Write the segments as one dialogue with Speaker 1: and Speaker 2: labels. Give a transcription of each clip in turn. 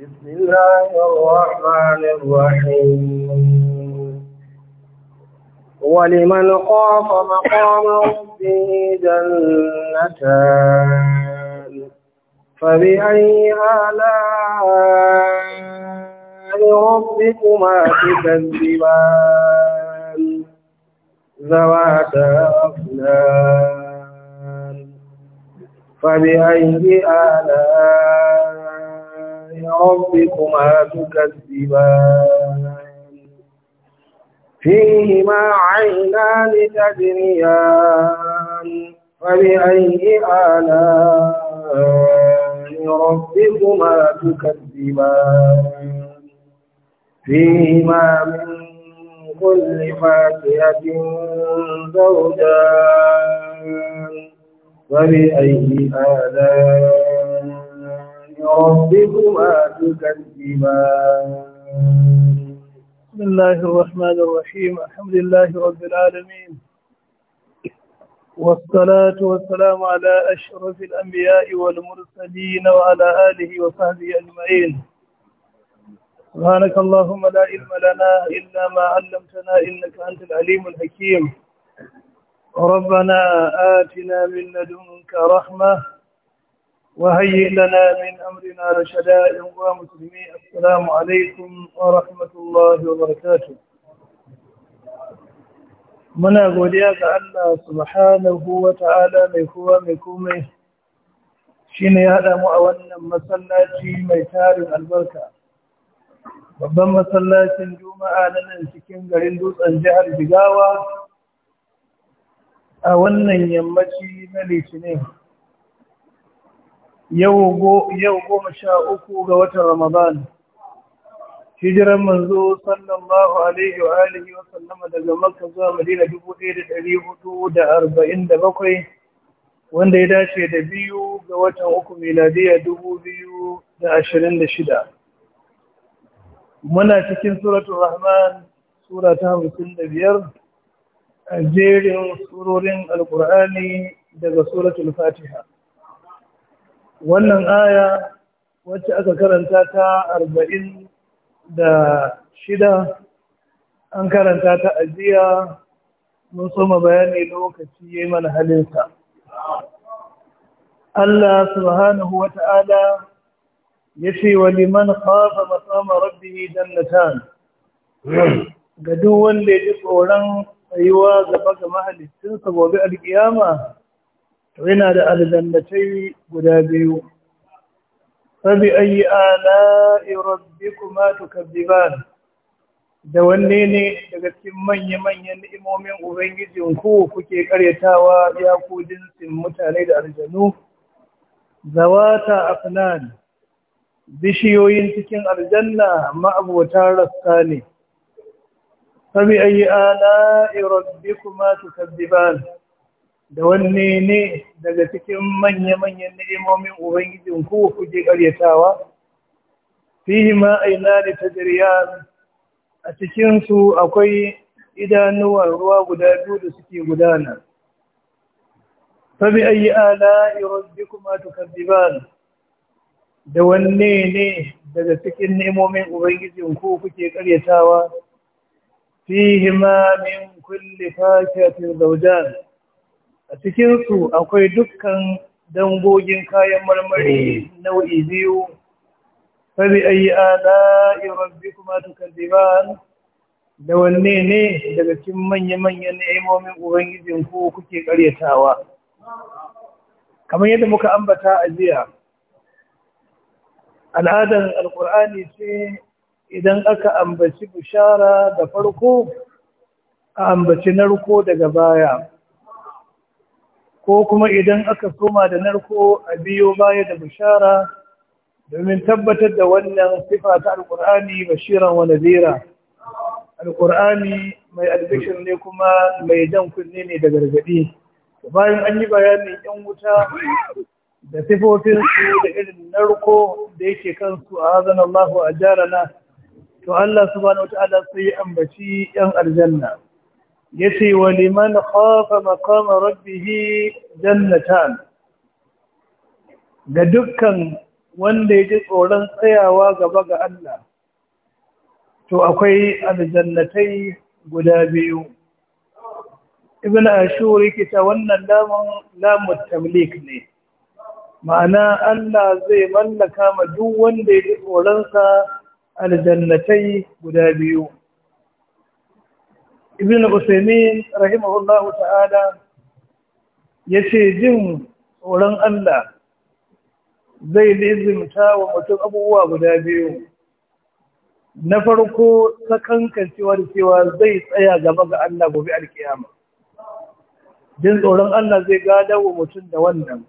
Speaker 1: بسم الله الرحمن الرحيم ولمن خاف مقام ربه جنتان فبأي آلاء ربكما تكذبان ذوات أفنان فبأي آلاء ربكما تكذبان فيهما عينان تجريان فبأي آلاء ربكما تكذبان فيهما من كل فاكهة زوجان فبأي آلاء ربكما تكذبان بسم الله الرحمن
Speaker 2: الرحيم الحمد لله رب العالمين والصلاة والسلام على أشرف الأنبياء والمرسلين وعلى آله وصحبه أجمعين سبحانك اللهم لا علم لنا إلا ما علمتنا إنك أنت العليم الحكيم ربنا آتنا من لدنك رحمة وهيئ لنا من أمرنا رشدا أيها المسلمين السلام عليكم ورحمة الله وبركاته muna godiya ga Allah subhanahu wa ta'ala mai kowa mai komai shi ne ya haɗa mu a wannan masallaci mai tarin albarka babban masallacin juma'a na nan cikin garin dutsen jihar jigawa a wannan yammaci na litinin yau goma sha uku ga watan Ramadan. Hijiran manzo sallallahu Alaihi wa Alihi wa sallama daga Makka zuwa Madina dubu ɗaya da ɗari hudu da arba'in da bakwai, wanda ya dace da biyu ga watan uku miladiya dubu biyu da ashirin da shida. Muna cikin Suratun Rahman, Sura ta hamsin da biyar, a jerin surorin Alƙur'ani daga Suratul Fatiha. wannan aya wacce aka karanta ta arba'in da shida an karanta ta ajiya mun soma bayani lokaci ya yi mana halinsa Allah subhanahu wa ta'ala ya ce wa liman kafa masama rabbi jannatan ga duk wanda ya ji tsoron tsayuwa gaba ga mahalicinsa gobe alkiyama to yana da aljannatai guda biyu Rabi, ayi ala'i rabbikuma tukazziban da wanne ne daga cikin manya-manyan ni'imomin ubangijin ku kuke karyatawa ya ku jinsin mutane da aljanu zawata afnan bishiyoyin cikin aljanna ma'abotan rasta ne Rabi, ayi ala'i rabbikuma tukazziban da wanne ne daga cikin manya-manyan ni'imomin ubangijin ku kuke karyatawa fihi ma aina da tajriyan a cikinsu akwai idanuwan ruwa guda biyu da suke gudana fa bi ayi ala'i rabbikuma tukadziban da wanne ne daga cikin nemomin ubangijin ku kuke karyatawa fihi ma min kulli fakiyatin zawjan a cikinsu akwai dukkan dangogin kayan marmari eh. nau'i biyu fabi ayi ala irabbi kuma tukaziban da wanne ne daga cikin manya-manyan ni'imomin ubangijin ku kuke karyatawa kamar yadda muka ambata a jiya al'adar Alƙur'ani ce idan aka ambaci bishara da farko a ambaci narko daga baya ko kuma idan aka soma da narko a biyo baya da bishara domin tabbatar da wannan sifa ta alkur'ani bashiran wa nazira alkur'ani mai albishir ne kuma mai dan kunne ne da gargadi bayan an yi bayanin yan wuta da sifofinsu da irin narko da yake kansu a hazan Allah a jarana to Allah subhanahu wa ta'ala sai ya ambaci yan aljanna yace wa liman khafa maqama rabbih jannatan ga dukkan wanda ya ji tsoron tsayawa gaba ga Allah to akwai aljannatai guda biyu ibn ashur yake ta wannan lamun lamun tamlik ne ma'ana Allah zai mallaka ma duk wanda ji tsoron sa aljannatai guda biyu ibn usaimin rahimahullahu ta'ala ya ce jin tsoron allah zai lizimta wa mutum abubuwa guda biyu na farko sakankancewar cewa zai tsaya gaba ga allah gobe alkiyama jin tsoron allah zai gada wa mutum da wannan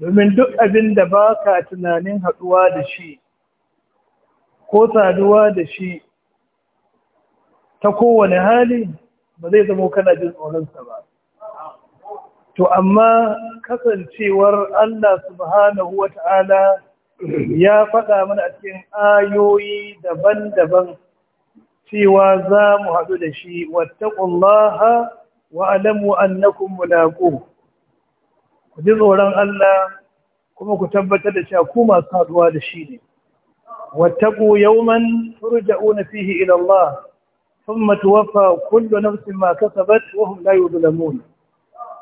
Speaker 2: domin duk abin da ba ka tunanin haɗuwa da shi ko saduwa da shi ta kowane hali ba zai zama kana jin tsoronsa ba to amma kasancewar Allah subhanahu wa ta'ala ya faɗa mana a cikin ayoyi daban-daban cewa za mu haɗu da shi wattaqullaha wa'alamu annakun annakum ku ji tsoron Allah kuma ku tabbatar da cewa ku masu haɗuwa da shi ne wattaqu yawman turja'una fihi ila Allah ثم توفى كل نفس ما كسبت وهم لا يظلمون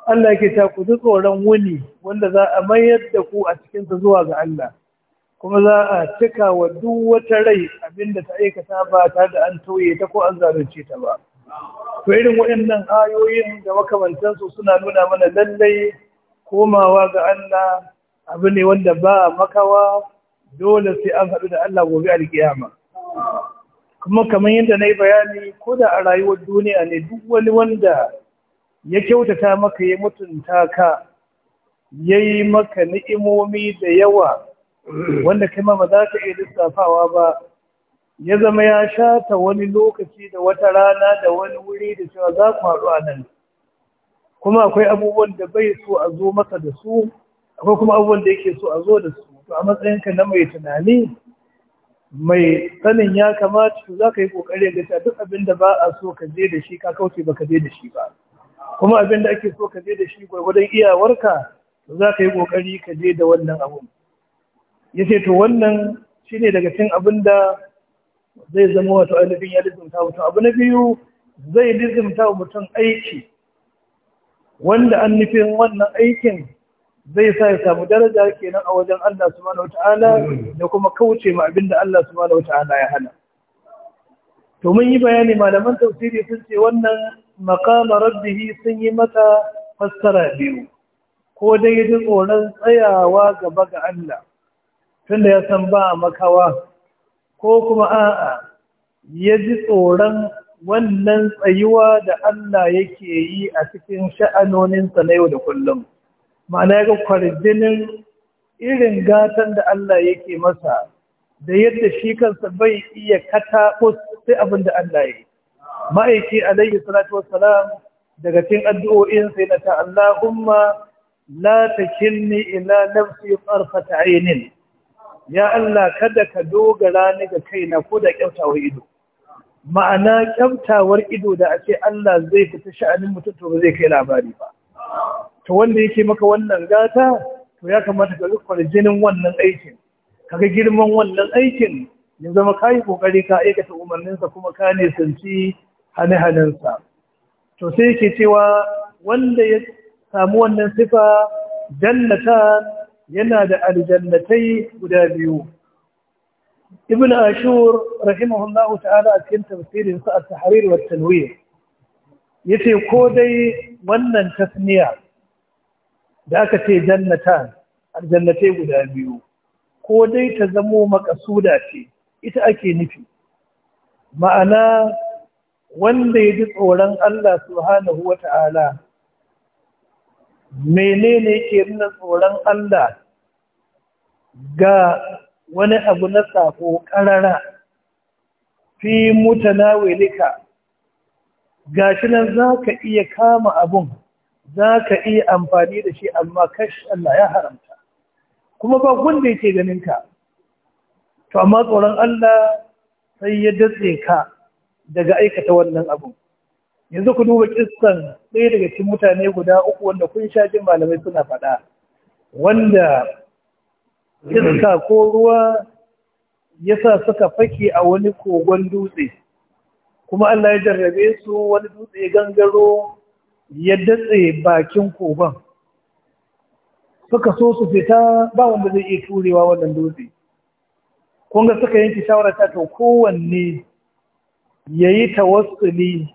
Speaker 2: Allah yake ta ku ji tsoron wuni wanda za a mayar da ku a cikinsa zuwa ga Allah kuma za a cika wa duk wata rai abinda ta aikata ba ta da an tauye ta ko an zalunce ta ba to irin waɗannan ayoyin da makamantansu suna nuna mana lallai komawa ga Allah abu ne wanda ba makawa dole sai an haɗu da Allah gobe alkiyama kuma kamar yadda na yi bayani ko da a rayuwar duniya ne duk wani wanda ya kyautata maka ya mutunta ka ya yi maka ni'imomi da yawa wanda kai ma ba za ka iya lissafawa ba ya zama ya shata wani lokaci da wata rana da wani wuri da cewa za ku haɗu a nan kuma akwai abubuwan da bai so a zo masa da su akwai kuma abubuwan da yake so a zo da su to a matsayinka na mai tunani mai sanin ya kamata to za ka yi ƙoƙari ga ta duk abin da ba a so ka je da shi ka kauce ba ka je da shi ba kuma abin da ake so ka je da shi gwargwadon iyawarka to za ka yi kokari ka je da wannan abun ya ce to wannan shi ne daga cin abin da zai zama wato ainihin ya lizimta mutum abu na biyu zai lizimta mutum aiki wanda an nufin wannan aikin zai sa ya samu daraja kenan a wajen Allah subhanahu wata'ala da kuma kauce ma abin da Allah subhanahu wata'ala ya hana to mun yi bayani malaman tafsiri sun ce wannan makama rabbihi sun yi mata fassara biyu ko dai ji tsoron tsayawa gaba ga Allah tunda ya san ba makawa ko kuma a'a ya ji tsoron wannan tsayuwa da Allah yake yi a cikin sha'anoninsa na yau da kullum ma'ana ya ga kwarjinin irin gatan da Allah yake masa da yadda shi kansa bai iya kata ko sai abin da Allah ya yi ma'aiki alayhi salatu wassalam daga cikin addu'o'in sai na ta Allahumma la Kinni, ila nafsi tsarfata ainin ya Allah kada ka dogara ni ga kaina ko da kyautawar ido ma'ana kyautawar ido da ake Allah zai fita sha'anin mutum to ba zai kai labari ba to wanda yake maka wannan gata to ya kamata ka rikon jinin wannan aikin kaga girman wannan aikin ya zama kai kokari ka aikata umarninsa kuma ka ne sanci hane-hanensa to sai yake cewa wanda ya samu wannan sifa jannata yana da aljannatai guda biyu ibn ashur rahimahullahu ta'ala a cikin tafsirin sa at-tahrir wa at-tanwir yace ko dai wannan tasniya da aka ce jannatan aljannatai guda biyu ko dai ta zamo makasuda ce ita ake nufi ma'ana wanda ya ji tsoron Allah subhanahu wa ta'ala menene ke nuna tsoron Allah ga wani abu na sako ƙarara fi mutana Ga gashi nan za ka iya kama abun za ka iya amfani da shi amma kash Allah ya haramta kuma ba gunda yake ganin ka to amma tsoron Allah sai ya datse ka daga aikata wannan abu yanzu ku duba kissan ɗaya daga cikin mutane guda uku wanda kun sha jin malamai suna faɗa wanda iska ko ruwa ya sa suka faki a wani kogon dutse kuma Allah ya jarrabe su wani dutse gangaro ya datse bakin koban suka so su fita ba wanda zai iya turewa wannan dutse kunga suka yanke shawarar ta kowanne ya yi tawassuli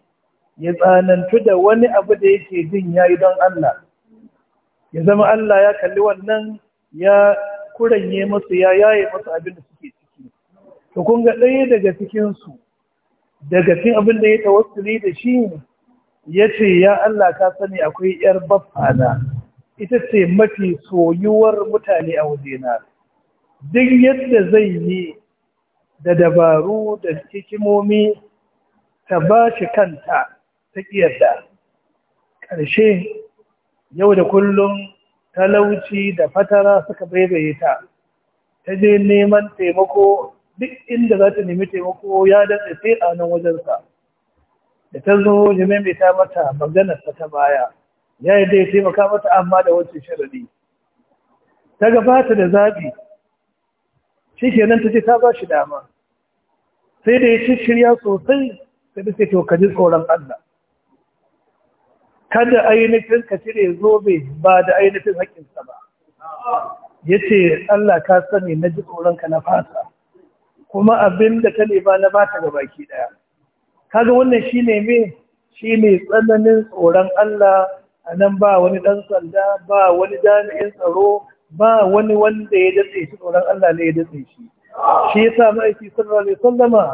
Speaker 2: ya tsanantu da wani abu da yake jin ya yi don Allah ya zama Allah ya kalli wannan ya kuranye masu ya yaye masu abin da suke ciki to kunga ɗaya daga cikinsu daga cikin abin da ya tawassuli da shi ne. ya ce ya Allah ka sani akwai ‘yar na ita ce mafi soyuwar mutane a wajena duk yadda zai yi da dabaru da hikimomi ta ba shi kanta ta ƙiyarda ƙarshe yau da kullum talauci da fatara suka baibaye ta ta je neman taimako duk inda za ta nemi taimako ya dace sai a nan wajensa da ta zo mai maimaita mata maganar ta baya ya yi dai taimaka mata amma da wancan sharadi ta gabata da zabi shi nan ta ce ta ba shi dama sai da ya ci shirya sosai ta da sai tsoron Allah kada ainihin ka cire zobe ba da ainihin
Speaker 1: haƙƙinsa ba ya ce
Speaker 2: Allah ka sani na ji tsoronka na fata kuma abin da ta nema na ba ta baki ɗaya kaga wannan shine me shine tsananin tsoron Allah a nan ba wani ɗan sanda ba wani jami'in tsaro ba wani wanda ya datse shi tsoron Allah ne ya datse shi shi yasa ma'aiki sallallahu alaihi wasallama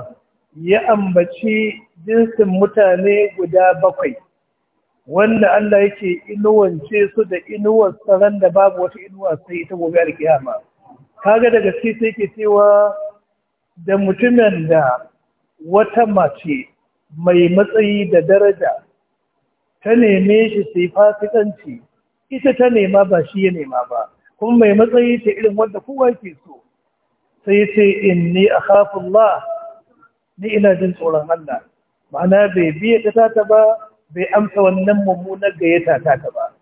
Speaker 2: ya ambaci jinsin mutane guda bakwai wanda Allah yake inuwance su da inuwar tsaron da babu wata inuwa sai ita gobe alkiyama kaga daga gaske sai ke cewa da mutumin da wata mace mai matsayi da daraja ta neme shi sai fasikanci ita ta nema ba shi ya nema ba kuma mai matsayi ta irin wanda kowa ke so sai ce a akhafullah ni ina jin tsoron Allah ma'ana bai biya ta ta ba bai amsa wannan mummunar gayyata ta ta ba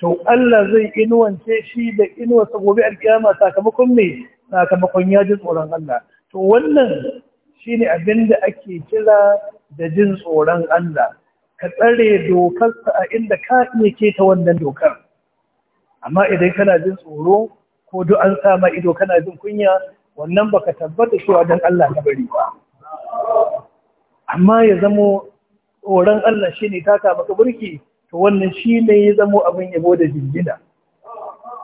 Speaker 2: to Allah zai inuwance shi da inuwarsa gobe alkiyama sakamakon me sakamakon ya ji tsoron Allah to wannan Shi shine abinda ake kira da jin tsoron Allah ka tsare dokarsa a inda ka iya keta wannan dokar amma idan kana jin tsoro ko duk an sama ido kana jin kunya wannan baka tabbata cewa dan Allah ka bari ba amma ya zamo tsoron Allah shi shine taka maka burki to wannan shi ne ya zamo abin yabo da jingina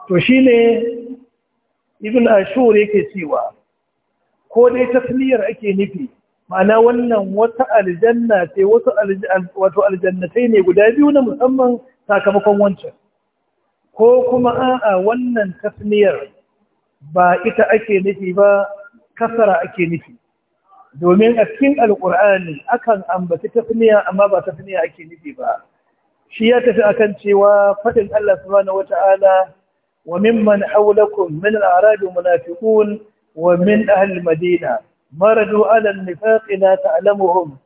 Speaker 2: to shi ne ibn ashur yake cewa ko dai tasniyar ake nufi ma'ana wannan wata aljanna ce wasu wato aljannatai ne guda biyu na musamman sakamakon wancan ko kuma a'a wannan tasniyar ba ita ake nufi ba kasara ake nufi domin a cikin alkur'ani akan ambaci tasniya amma ba tasniya ake nufi ba shi ya tafi akan cewa faɗin Allah subhanahu wata'ala wa mimman hawlakum min al-a'rab munafiqun ومن أهل المدينة مردوا على النفاق لا تعلمهم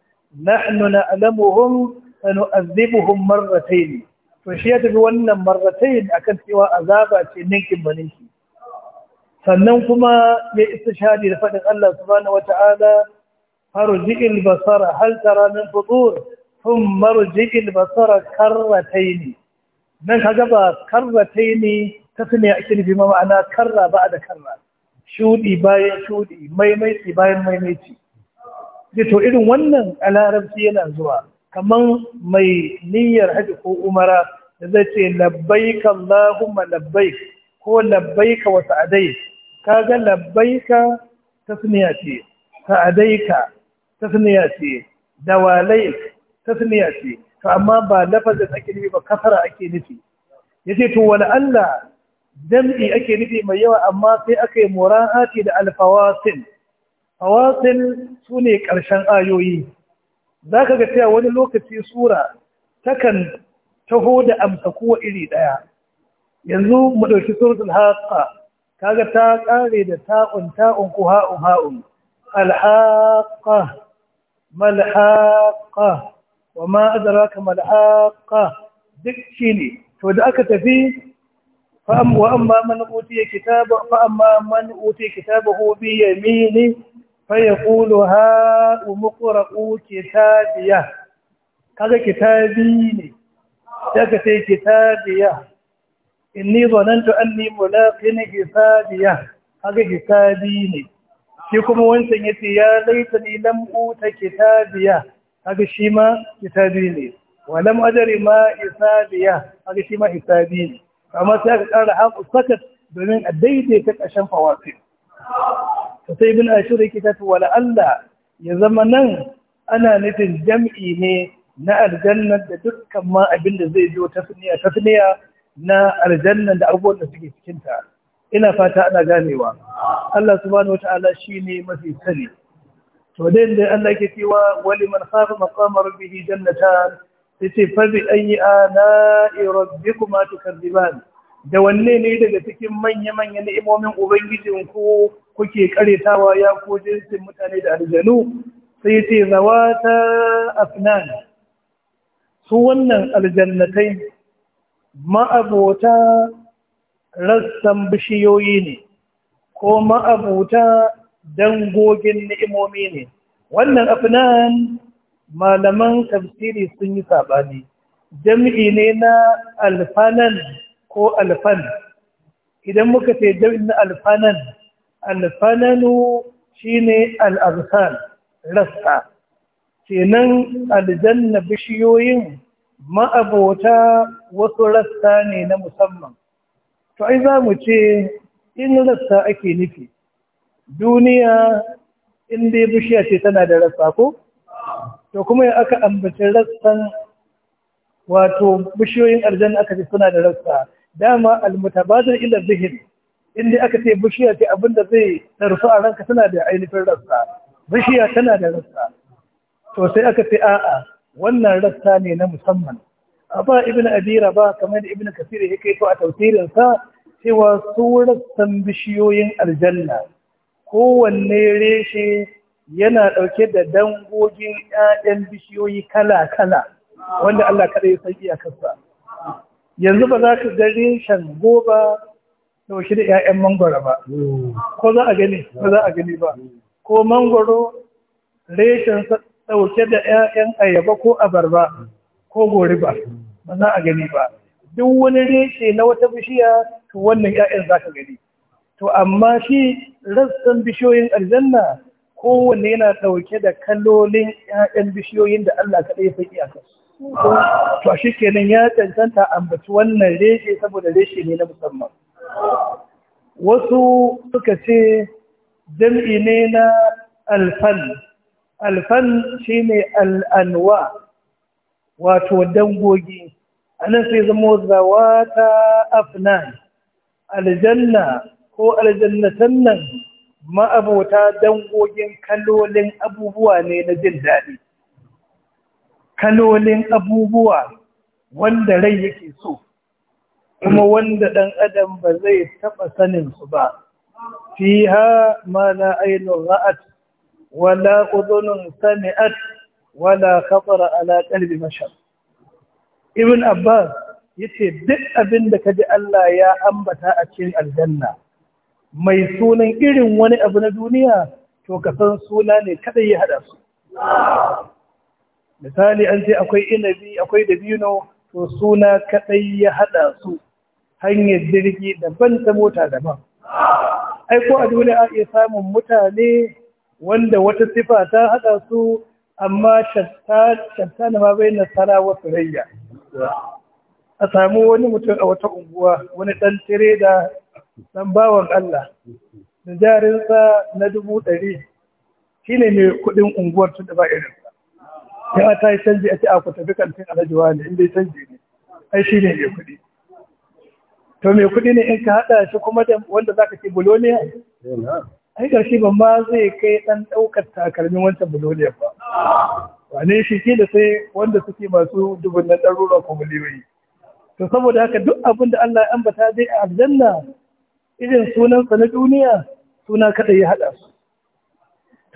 Speaker 2: نحن نعلمهم فنؤذبهم مرتين فشيت بوانا مرتين azaba سوى أذابة ننكم وننكم sannan kuma ya shadi da faɗin Allah subhanahu wata'ala harji'il basara hal tara min futur thumma harji'il basara karrataini nan kaga ba karrataini ta sune ake nufi ma'ana karra ba da karra shuɗi bayan shuɗi maimaiti bayan maimaiti da to irin wannan a larabci yana zuwa kaman mai niyyar haji ko umara da zai ce labbaika Allahumma labbai, ko labbaika wa sa'adai kaga labbaika tasniya ce sa'adaika tasniya ce dawalai tasniya ce to amma ba lafazin ake nufi ba kasara ake nufi yace to wani Allah jam'i ake nufi mai yawa amma sai aka yi mura'ati da alfawasin fawasin su ne ƙarshen ayoyi za ka ga cewa wani lokaci sura takan taho da amsa kowa iri ɗaya yanzu mu ɗauki suratul Ka ga ta ƙare da ta'un ta'un ku ha'un ha'un Alhaƙa! Malhaƙa! wa ma adraka malhaƙa! duk ne. to da aka tafi وأما من أوتي كتابه فأما من أوتي كتابه بيمينه فيقول هاؤم اقرءوا كتابيه هذا كتابي ne daga sai kitabiya inni zanantu anni mulaqin hisabiya haka hisabi ne shi kuma wancan yace ya laitani lam uta kitabiya haka shi ma kitabi ne wa lam adri ma hisabiya haka shi ma hisabi ne amma sai ka ƙara haƙu sakat domin a daidaita ƙashen fawafin ta sai bin ashirin yake ta wala Allah ya zama nan ana nufin jam'i ne na aljannan da dukkan ma abin da zai biyo tasniya tasniya na aljannan da abubuwan da suke cikinta ina fata ana ganewa Allah subhanahu wataala shine mafi sani to dai dai Allah ke cewa wali man khafa maqama rabbih jannatan yace fa bi ayi ala'i rabbikuma tukadziban da wanne ne daga cikin manya manya ni'imomin ubangijin ku kuke karetawa ya ko jinsin mutane da aljanu sai yace zawata afnan su wannan aljannatai ma'abota rassan bishiyoyi ne ko ma'abota dangogin ni'imomi ne wannan afnan malaman tafsiri sun yi saɓani jam'i ne na alfanan ko alfan idan muka ce jam'i na alfanan alfananu shi ne al'arsan rasta kenan aljanna bishiyoyin ma'abota wasu rasta ne na musamman to ai za mu ce in rasta ake nufi duniya in dai bishiya ce tana da rasta ko to kuma yin aka ambaci rassan wato bishiyoyin aljanna aka ce suna da rassa dama almutabazir ila zihin inda aka ce bishiya ce abinda zai tarfi a ranka tana da ainihin rassa bishiya tana da rassa to sai aka ce a'a wannan rassa ne na musamman A ba ibn abira ba kamar da ibn kasir ya to a tafsirin sa cewa su rassan bishiyoyin aljanna kowanne reshe yana ɗauke da dangogin 'ya'yan bishiyoyi kala-kala wanda Allah kaɗai ya san iyakarsa yanzu ba za ka ga reshen goba yaushe da 'ya'yan mangoro ba ko za a gani ba za a gani ba ko mangoro reshen ɗauke da 'ya'yan ayaba ko abarba ko goriba ba za a gani ba duk wani reshe na wata bishiya to wannan 'ya'yan za ka gani to amma shi rassan bishiyoyin aljanna kowane yana ɗauke da kalolin 'ya'yan bishiyoyin da Allah kaɗai ya sai iyakarsu to shi kenan ya cancanta ambaci wannan reshe saboda reshe ne na musamman wasu suka ce jam'i ne na alfan alfan shi ne al'anwa wato dangogi a nan sai zama zawata afnan aljanna ko aljannatan nan ma'abota dangogin kalolin abubuwa ne na jin daɗi kalolin abubuwa wanda rai yake so kuma wanda ɗan adam ba zai taɓa saninsu ba fi ha ma na ainihin ra'at wala uzunin sami'at wala kafara ala ƙalbi mashar ibn abbas ya ce duk abin da ka ji allah ya ambata a cikin aljanna mai sunan irin wani abu na duniya to ka san suna ne kada ya haɗa su misali an ce akwai inabi akwai dabino to suna kadai ya haɗa su hanyar jirgi daban ta mota daban ai ko a duniya a iya samun mutane wanda wata sifa ta haɗa su amma shatta na ma bai nasara wasu rayya a samu wani mutum a wata unguwa wani ɗan tireda dan bawan Allah da jarinsa na dubu ɗari shi ne mai kuɗin unguwar tun da ba irin ya ta yi canji a ce a ku tafi kantin alhaji wani inda ya canji ne ai shi ne mai kuɗi to mai kuɗi ne in ka haɗa shi kuma da wanda za ka ce buloniya ai ƙarshe ban ma zai kai ɗan ɗaukar takalmin wancan buloniya ba wane shi ke da sai wanda suke masu dubunnan ɗarurwa ko miliyoyi to saboda haka duk abin da Allah ya ambata zai a aljanna irin sunansa na duniya suna kada ya haɗa su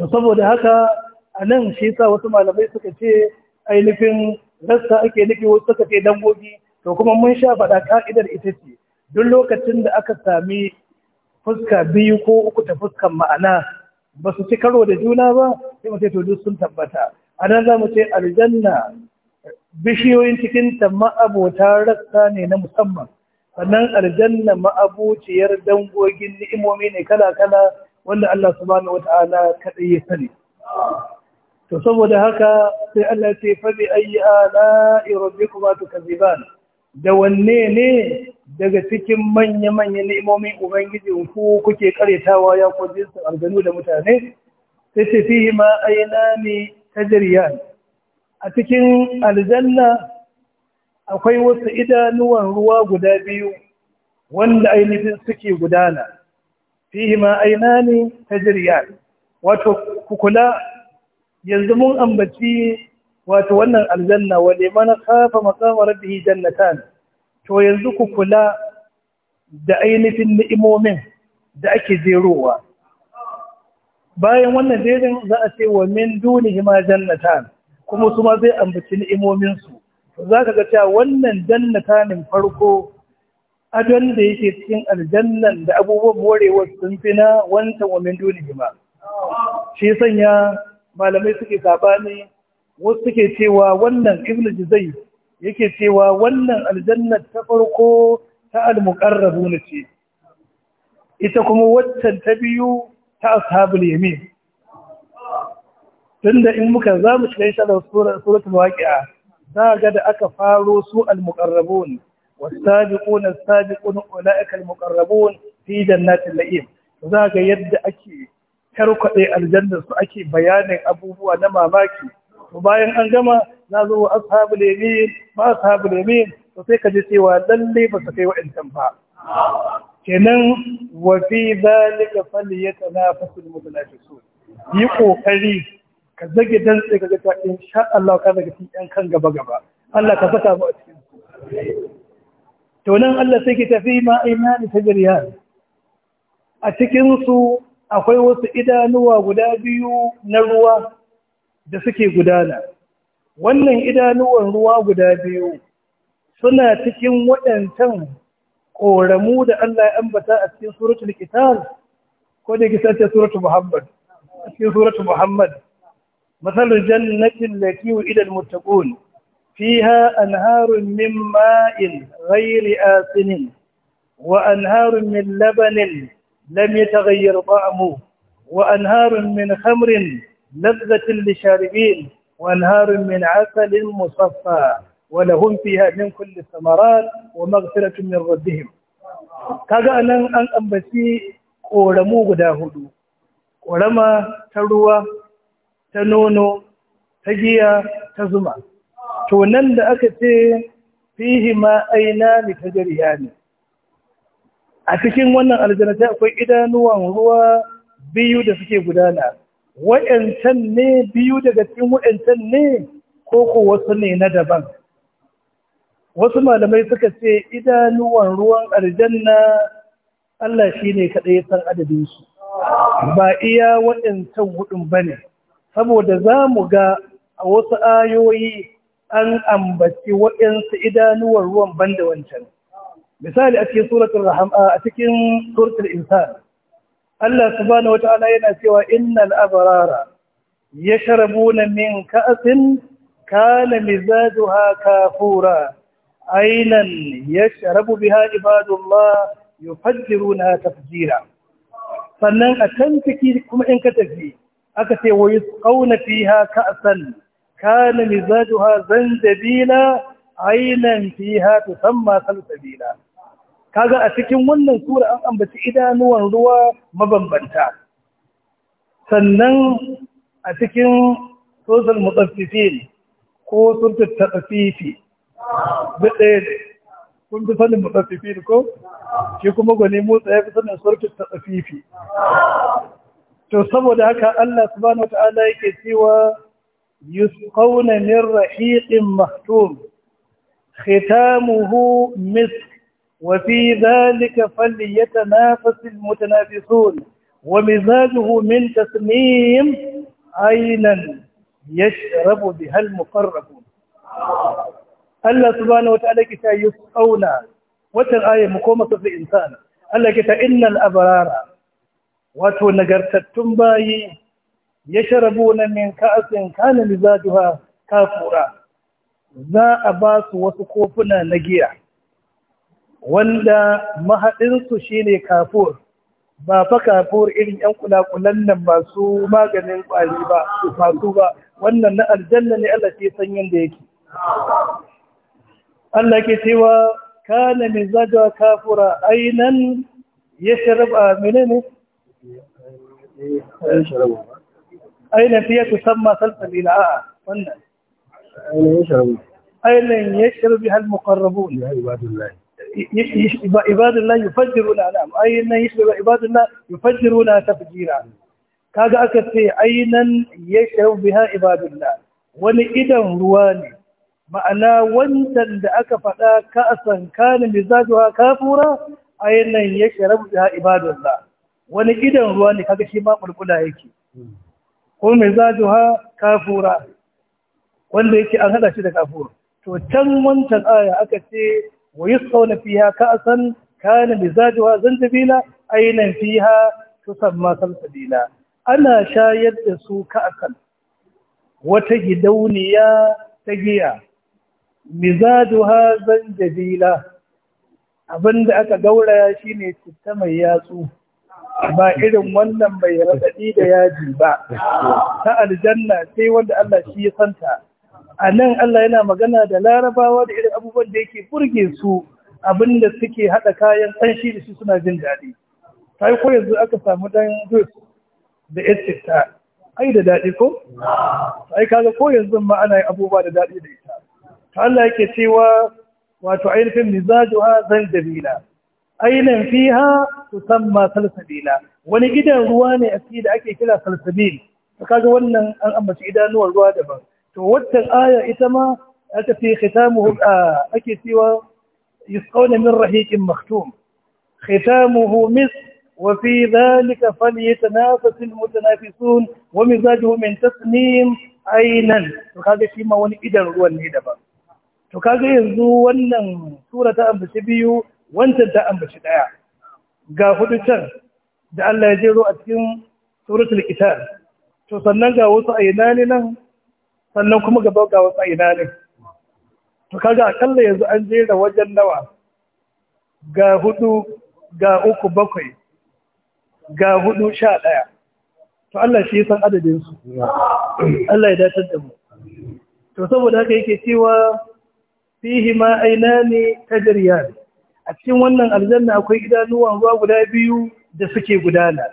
Speaker 2: to saboda haka a nan shi sa wasu malamai suka ce ainihin rasta ake nufi wasu suka ce dangogi to kuma mun sha faɗa ka'idar ita ce duk lokacin da aka sami fuska biyu ko uku ta fuskan ma'ana ba su ci karo da juna ba sai mu ce to duk sun tabbata a nan za mu ce aljanna bishiyoyin cikin ta ma'abota rasta ne na musamman sannan aljanna ma'abuciyar dangogin ni'imomi ne kala-kala wanda Allah subhanahu wata'ala kadai ya sani to saboda haka sai Allah ce fa bi ayi ala'i rabbikuma tukaziban da wanne ne daga cikin manya-manyan ni'imomin ubangiji ku kuke karyatawa ya ku su alganu da mutane sai ce fihi ma aina ne tajriyan a cikin aljanna akwai wasu idanuwan ruwa guda biyu wanda ainihin suke gudana fihi ma ainani tajriyan wato kukula yanzu mun ambaci wato wannan aljanna wa liman khafa maqama rabbih jannatan to yanzu kukula da ainihin ni'imomin da ake jerowa bayan wannan jerin za a ce wa min ma jannatan kuma su ma zai ambaci ni'imomin su za ka ga cewa wannan jannatanin farko adon da yake cikin aljannan da abubuwan morewa sun fi na wancan wamin duniya ba shi sanya malamai suke saɓani wasu suke cewa wannan ibn jizai yake cewa wannan aljannar ta farko ta almuqarrabu ne ce ita kuma waccan ta biyu ta ashabul yamin tunda in muka zamu shiga insha Allah suratul waqi'a za ga da aka faro su al-muqarrabun was-sabiquna as-sabiquna ulaika al-muqarrabun fi na'im za ga yadda ake karkwade aljanna su ake bayanin abubuwa na mamaki to bayan an gama na zo ashabul yamin ba ashabul yamin to sai ka ji cewa lalle ba su kai wa'ancan ba kenan wa fi zalika falyatanafasul mutanafisun yi kokari ka zage dantse ka ga in sha Allah ka daga cikin yan kan gaba gaba Allah ka saka mu a cikin to nan Allah sai ke tafi ma imani jariya a cikin su akwai wasu idanuwa guda biyu na ruwa da suke gudana wannan idanuwan ruwa guda biyu suna cikin waɗancan ƙoramu da Allah ya ambata a cikin suratul kitab ko da ke suratul muhammad cikin suratul muhammad مثل جنة التي وإلى المتقون فيها أنهار من ماء غير آسن وأنهار من لبن لم يتغير طعمه وأنهار من خمر لذة لشاربين وأنهار من عسل مصفى ولهم فيها من كل الثمرات ومغفرة من ربهم kaga anan an ambaci ƙoramu guda hudu ƙorama ta ruwa ta nono ta giya ta zuma to nan da aka ce fihi ma aina ni jariya ne a cikin wannan aljanna akwai idanuwan ruwa biyu da suke gudana wa'yancan ne biyu daga cikin wa'yancan ne ko ko wasu ne na daban wasu malamai suka ce idanuwan ruwan aljanna Allah shi ne kaɗai san adadinsu ba iya waɗancan hudun ba ne saboda za mu ga a wasu ayoyi an ambaci waɗansu idanuwar ruwan banda wancan misali a cikin suratul rahama a cikin suratul insan Allah subhanahu wata'ala yana cewa innal abrara yashrabuna min ka'sin kana mizajuha kafura aynan yashrabu biha ibadullah yufajjiruna tafjira sannan a can ciki kuma in ka tafi aka ce wa yusqawna fiha ka'san kana mizajuha zanjabila aynan fiha tusamma salsabila kaga a cikin wannan sura an ambaci idanuwan ruwa mabambanta sannan a cikin sosal mutaffifin ko surta tafifi da ɗaya ne kun fi sanin mutaffifin ko shi kuma gwani motsa ya fi sanin surtut tafifi to saboda haka Allah subhanahu wataala yake cewa yusqawna min rahiqin mahtum khitamuhu misk wa fi dhalika falyatanafasul mutanafisun wa mizajuhu min tasnim aynan yashrabu biha al-muqarrabun Allah subhanahu wataala yake cewa yusqawna wata ayat mu koma ta insana Allah ke ta innal abrara wato nagartattun bayi ya sharabu na min ka'asin kana mizajuha kafura za a ba su wasu kofuna na giya wanda mahaɗinsu shine kafur ba fa kafur irin yan kulakulan nan masu maganin kwari ba masu ba wannan na aljanna ne Allah ke san yanda yake Allah ke cewa kana mizajuha kafura ainan ya sharaba menene ainihin fiye su masal sabila a wannan ainihin ya shirbi hal mukarrabu ne ibadullah yufajjiru na na'am ainihin ya na tafjira kaga aka ce ainihin ya shirbi ha wani idan ruwa ne ma'ana wancan da aka faɗa ka a sankanin mizajuwa kafura ainihin ya shirbi ha ibadullah wani gidan ruwa ne kaga shi ma yake ko mai zajuha kafura wanda yake an hada shi da kafura to can wancan aya aka ce wa yusqawna fiha ka'san kana mizajuha zanjabila aynan fiha tusamma salsabila ana shayar da su ka'san wata gidauniya ta giya mizajuha zanjabila abinda aka gauraya shine citta mai yatsu ba irin wannan mai raɗaɗi da yaji ba ta aljanna sai wanda Allah shi ya santa a nan Allah yana magana da larabawa da irin abubuwan da yake burge su abinda suke haɗa kayan ƙanshi da shi suna jin daɗi sai ko yanzu aka samu dan jus da ita ai da daɗi ko ai kaga ko yanzu ma ana abubuwa da daɗi da ita ta Allah yake cewa wato ainihin zan zanjabila ainihin fiha tusamma salsabila wani gidan ruwa ne a da ake kira salsabil kaga wannan an ambaci idanuwar ruwa daban to wannan aya ita ma aka fi khitamuhu ake cewa yusqawna min rahiqin maktum khitamuhu mis wa fi dhalika falyatanafasul mutanafisun wa mizajuhu min tasnim aynan to kaga shi ma wani idan ruwan ne daban to kaga yanzu wannan sura ta ambaci biyu wancan ta ambaci daya ga hudu can da Allah ya jero a cikin suratul kitab to sannan ga wasu aynani nan sannan kuma ga ga wasu aynani to kaga akalla yanzu an jera wajen nawa ga hudu ga uku bakwai ga hudu sha daya to Allah shi san adadin su Allah ya dace da mu to saboda haka yake cewa fihi ma ainani tajriyan a cikin wannan aljanna akwai idanuwan ruwa guda biyu da suke gudana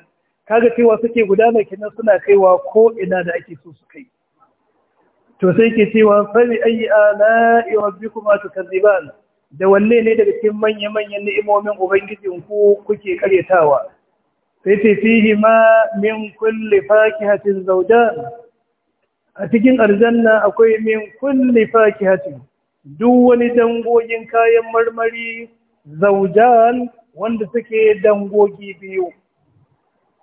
Speaker 2: kaga cewa suke gudana kenan suna kaiwa ko ina da ake so su kai to sai ke cewa fari ayi ala bikuma tukazziban da wanne ne daga cikin manya-manyan ni'imomin ubangiji ku kuke karyatawa sai ce fihi ma min kulli fakihatin zawjan a cikin aljanna akwai min kulli fakihatin duk wani dangogin kayan marmari zaujan wanda suke dangogi biyu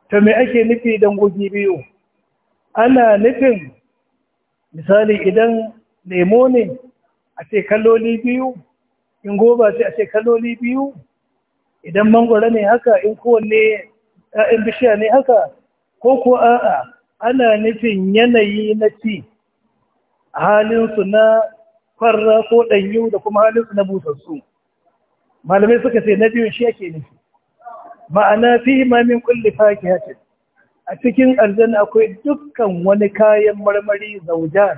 Speaker 2: ta me ake nufi dangogi biyu ana nufin misali idan lemo ne a ce kaloli biyu in goba ce a ce kaloli biyu idan mangwara ne haka in kowanne ‘ya'yan bishiya ne haka ko ko a'a ana nufin yanayi na ci halinsu na farra ko ɗanyu da kuma halinsu na busassu malamai suka ce na biyu shi yake nufi ma'ana fi mamin kulli fakihatin a cikin aljanna akwai dukkan wani kayan marmari zaujan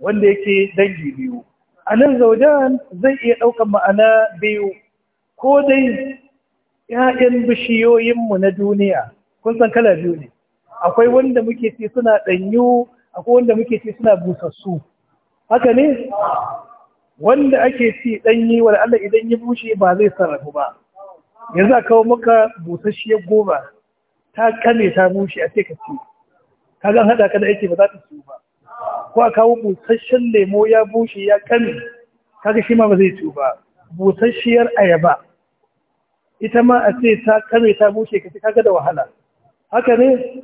Speaker 2: wanda yake dangi biyu a nan zaujan zai iya ɗaukan ma'ana biyu ko dai ‘ya'yan bishiyoyinmu na duniya kun san kala biyu ne akwai wanda muke ce suna ɗanyu akwai wanda muke ce suna busassu haka ne wanda ake ci ɗanyi wa Allah idan ya bushe ba zai sarrafu ba yanzu a kawo maka busasshiyar goma ta kame ta bushe a ce ka ci ka zan haɗa ka da yake ba za ta ci ba ko a kawo busasshen lemo ya bushe ya kame kaga shi ma ba zai ci ba busasshiyar ayaba ita ma a ce ta kame ta bushe ka ci kaga da wahala haka ne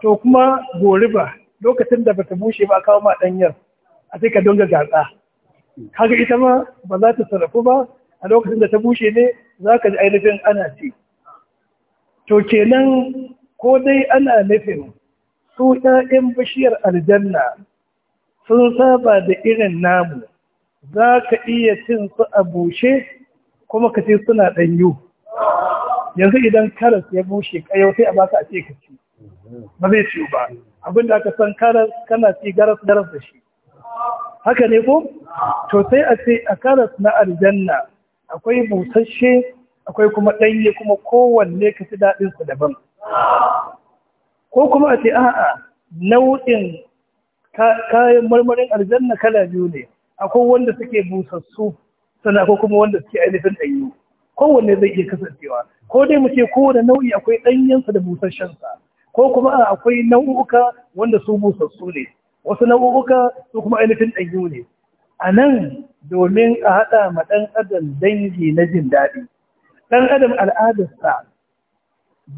Speaker 2: to kuma goriba lokacin da bata bushe ba kawo ma ɗanyar a sai ka dinga gatsa kaga ita ma ba za ta sarrafu ba a lokacin da ta bushe ne za ka ji ainihin ana ci to kenan ko dai ana nufin su ɗayan bishiyar aljanna sun saba da irin namu za ka iya cin su a bushe kuma ka ce suna ɗanyu yanzu idan karas ya bushe kayau sai a baka a ce ka ci ba zai ciwo ba abinda aka san karas kana ci garas garas da shi haka ne ko to sai a ce a karas na aljanna akwai busasshe akwai kuma ɗanye kuma kowanne ka ci daban ko kuma a ce a'a nau'in kayan marmarin aljanna kala biyu ne akwai wanda suke busassu sana ko kuma wanda suke ainihin ɗanyu kowanne zai iya kasancewa ko dai mu ce kowane nau'i akwai ɗanyensa da busasshensa ko kuma akwai nau'uka wanda su busassu ne wasu nau'uka su kuma ainihin ɗanyu ne a nan domin a haɗa ma ɗan adam dangi na jin daɗi ɗan adam al'adarsa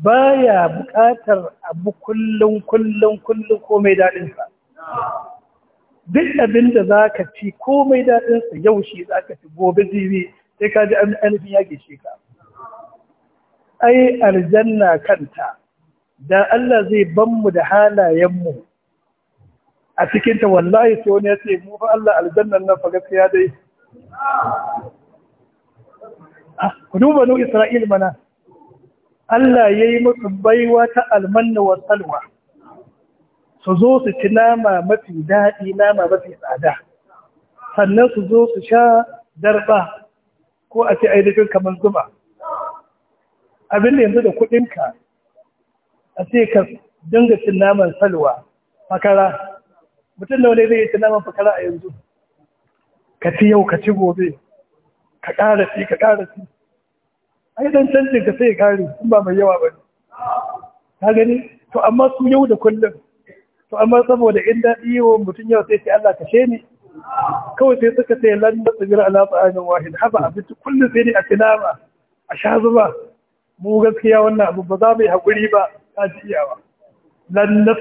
Speaker 2: ba ya buƙatar abu kullum kullum kullum komai daɗinsa duk abin da za ka ci komai daɗinsa yau shi za ka ci gobe jibi sai ka ji ainihin yage shi ka ai aljanna kanta da Allah zai ban mu da halayenmu a cikin ta wallahi sai wani ya ce mu fa Allah aljannan nan fa gaskiya dai ah, ku duba nu Isra'il mana Allah yayi musu baiwa ta almanna wa salwa su zo su ci nama mafi daɗi nama mafi tsada sannan su zo su sha darba ko a ce ainihin kamar zuma abin da yanzu da kuɗinka a ce ka dinga cin naman salwa fakara. mutum nawa wani zai yi tunaman fakara a yanzu ka ci yau ka ci gobe ka ƙara ci ka ƙara ci ai dan canjin ka sai kare in ba mai yawa ba ne ka gani to amma su yau da kullum to amma saboda in daɗi yawan mutum yau sai ce Allah she ni kawai sai suka ce lan da tsigira ala ta'amin wahid haba abinci kullum sai ne a tinama a sha zuba mu gaskiya wannan abu ba za mu yi haƙuri ba ta ji iyawa lan na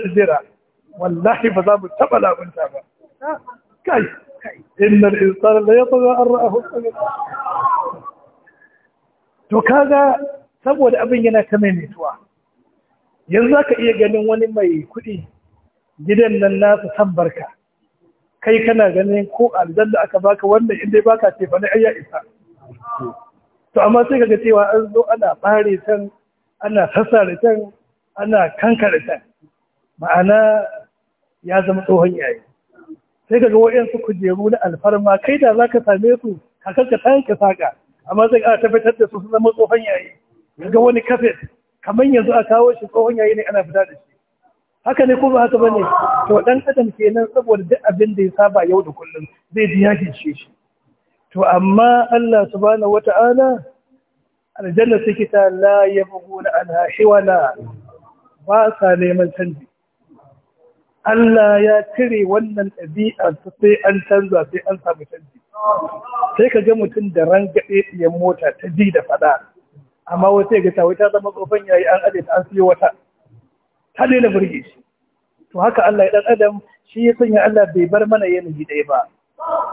Speaker 2: wallahi ba za mu taɓa labunta ba kai innal insana la yatgha an ra'ahu to kaga saboda abin yana ta maimaituwa yanzu zaka iya ganin wani mai kuɗi gidan nan nasa san barka kai kana ganin ko da aka baka wannan inda baka ce fa na ya isa to amma sai ka kaga cewa an zo ana bare can ana sassare can ana kankare can ma'ana ya zama tsohon yayi sai ka ga waɗansu kujeru na alfarma kai da za ka same su kakar ka ta yanke saka amma zai ƙara tabbatar da su su zama tsohon yayi ga wani kafet kamar yanzu a kawo shi tsohon yayi ne ana fita da shi haka ne ko ba haka bane to dan adam kenan saboda duk abin da ya saba yau da kullum zai ji ya gice shi to amma Allah wata wata'ala aljanna take ta la yabghuna anha hiwala ba sa neman canji Allah ya cire wannan ɗabi'a sai an canza sai an samu canji sai ka ga mutum da ran gaɗe ɗiyan mota ta ji da faɗa amma wata ya gata wata zama tsofan yayi an aje ta an siyo wata ta daina burge shi to haka Allah ya ɗan adam shi ya sanya Allah bai bar mana yanayi ɗaya ba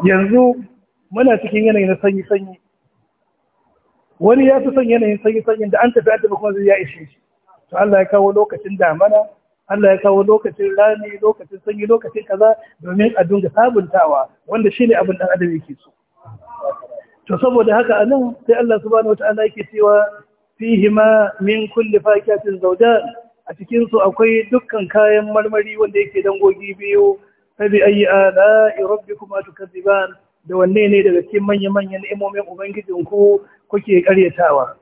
Speaker 2: yanzu muna cikin yanayi na sanyi-sanyi wani ya fi son yanayin sanyi-sanyin da an tafi a tafi kuma zai ya ishe shi to Allah ya kawo lokacin damana Allah ya kawo lokacin rani lokacin sanyi lokacin kaza domin a dinga sabuntawa wanda shine abin dan adam yake so to saboda haka anan sai Allah subhanahu wataala yake cewa ma min kulli fakiyatin zawjan a cikin su akwai dukkan kayan marmari wanda yake dangogi biyu fa bi ayi ala rabbikuma tukaziban da wanne ne daga cikin manya-manyan ni'imomin ubangijin ku kuke karyatawa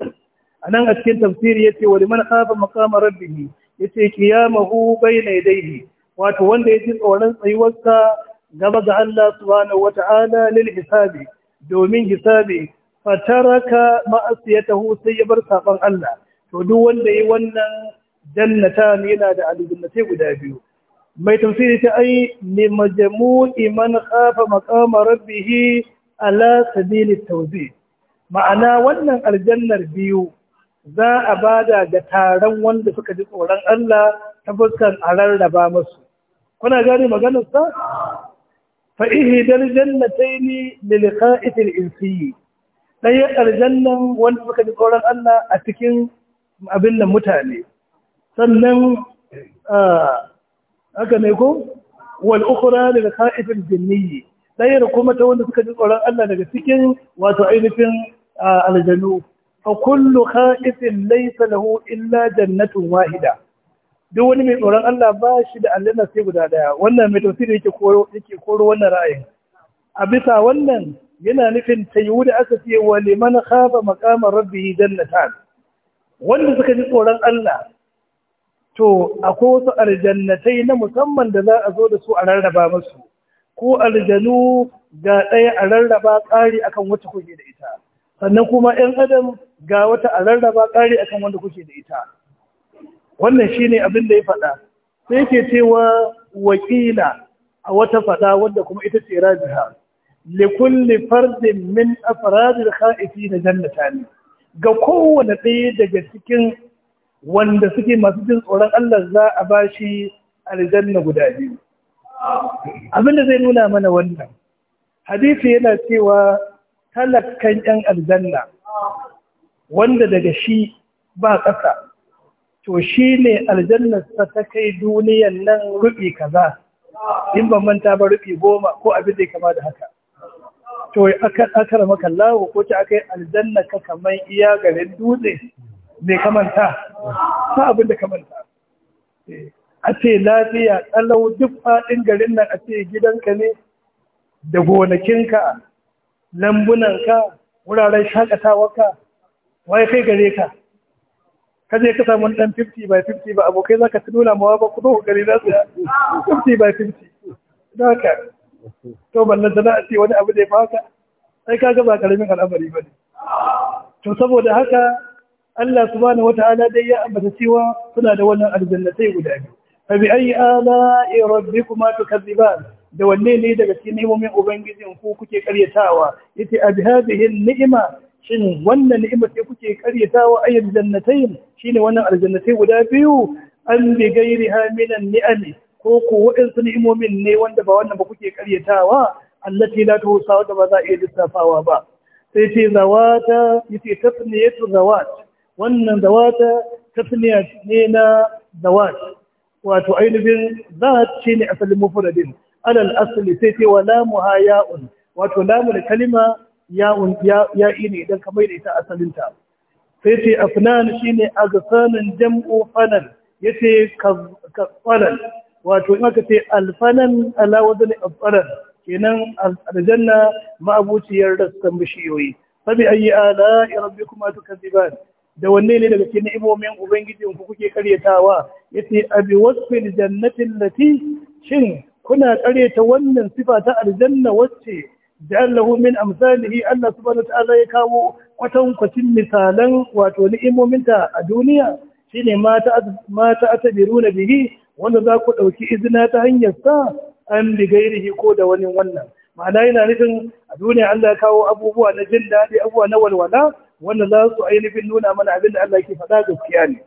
Speaker 2: anan a cikin tafsiri yace wa liman khafa maqama rabbihi yace qiyamahu na yadayhi wato wanda ya ji tsoron tsayuwarsa gaba ga Allah subhanahu wata'ala lil hisabi domin hisabi fataraka ma'asiyatahu sai ya bar saban Allah to duk wanda yayi wannan jannata ne yana da aljannatai guda biyu mai tafsiri ta ai ni majmu'i man khafa maqama rabbih ala sabili tawzi ma'ana wannan aljannar biyu za a bada ga taron wanda suka ji tsoron Allah ta fuskan a rarraba musu kuna gane maganar sa fa ihdal jannatayn li liqa'ati al-insiyyi ɗaya aljannan wanda suka ji tsoron Allah a cikin abin da mutane sannan haka ne ko wal ukhra lil kha'ifil Ɗan ɗaya kuma ta wanda suka ji tsoron Allah daga cikin wato ainihin aljanu A kullu khaifin laysa lahu illa jannatun wahida duk wani mai tsoron Allah ba shi da aljanna sai guda daya wannan mai tafsiri yake koro yake koro wannan ra'ayin a bisa wannan yana nufin tayyu da aka ce wa liman khafa maqama rabbih jannatan wanda suka ji tsoron Allah to akwai wasu aljannatai na musamman da za a zo da su a rarraba musu ko aljanu ga ɗaya a rarraba ƙari akan wata kuke da ita sannan kuma 'yan adam ga wata a rarraba ƙari akan wanda kuke da ita wannan shi ne abin da ya faɗa sai yake cewa wakila a wata faɗa wadda kuma ita ce rajiha li fardin min afradil jannata ne. ga kowane ɗaya daga cikin wanda suke masu jin tsoron Allah za a ba bashi aljanna guda biyu abin da zai nuna mana wannan hadisi yana cewa talakkan yan aljanna wanda daga shi ba ƙasa to shi ne aljannarsa ta kai duniyan nan rubi kaza in ban manta ba rufi goma ko abin da ya kama da haka to aka rama lawo ko ta aka yi aljanna ka kamar iya garin dutse mai kamanta ta abin da kamanta eh, a ce lafiya tsalau duk faɗin garin nan a ce gidanka ne da gonakinka lambunanka wuraren shakatawarka wai kai gare ka ka je ka samu dan 50 by 50 ba abokai zaka ci nuna mawa ba ku zo gari na su 50 by 50 da ka? to ballan sana'a ci wani abu da ya fa haka sai ka ga ba karamin al'amari ba ne to saboda haka Allah subhanahu wata'ala dai ya ambata cewa suna da wannan aljannatai guda biyu fa bi ayi ala'i rabbikuma tukazziban da wanne ne daga cikin nimomin ubangijin ku kuke karyatawa yace a bi hadhihi ni'ima shin wannan ni'imar da kuke karyatawa ayyul jannatain shine wannan aljannatai guda biyu an bi gairiha minan ni'ami ko ko waɗansu ni'imomin ne wanda ba wannan ba kuke karyatawa allati la tuhsa da ba za a iya lissafawa ba sai ce zawata yace tasniyatu zawat wannan zawata tasniya ne na zawat wato ainihin zat shine asalin mufradin alal asli sai ce wala muhaya'un wato lamul kalima yawon ne idan ka mai da ita asalinta sai ce afnan shine agsanin jam'u fanan yace kafalan wato in aka ce alfanan ala wazni afalan kenan aljanna ma'abuciyar rassan bishiyoyi fabi ayi ala rabbikuma tukaziban da wanne ne daga cikin ni'imomin ubangijin ku kuke karyatawa yace abi wasfil jannati lati shin kuna karyata wannan sifa ta aljanna wacce jallahu min amsalihi Allah subhanahu ta'ala ya kawo kwatankwacin misalan wato ni'imominta a duniya shine mata na bihi wanda za ku ɗauki izina ta hanyar sa an bi gairihi ko da wani wannan ma'ana yana nufin a duniya Allah ya kawo abubuwa na jin daɗi abubuwa na walwala wanda za su ainihin nuna mana abin da Allah ke faɗa gaskiya ne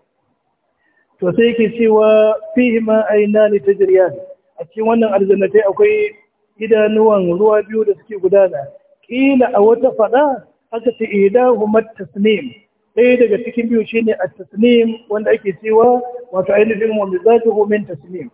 Speaker 2: to sai ke cewa fihi ma aina ne tajriyan a cikin wannan aljannatai akwai idanuwan ruwa biyu da suke gudana kila a wata fada aka ce idahuma tasnim ɗaya daga cikin biyu shine at-tasnim wanda ake cewa wato ainihin wa mizajuhu min tasnim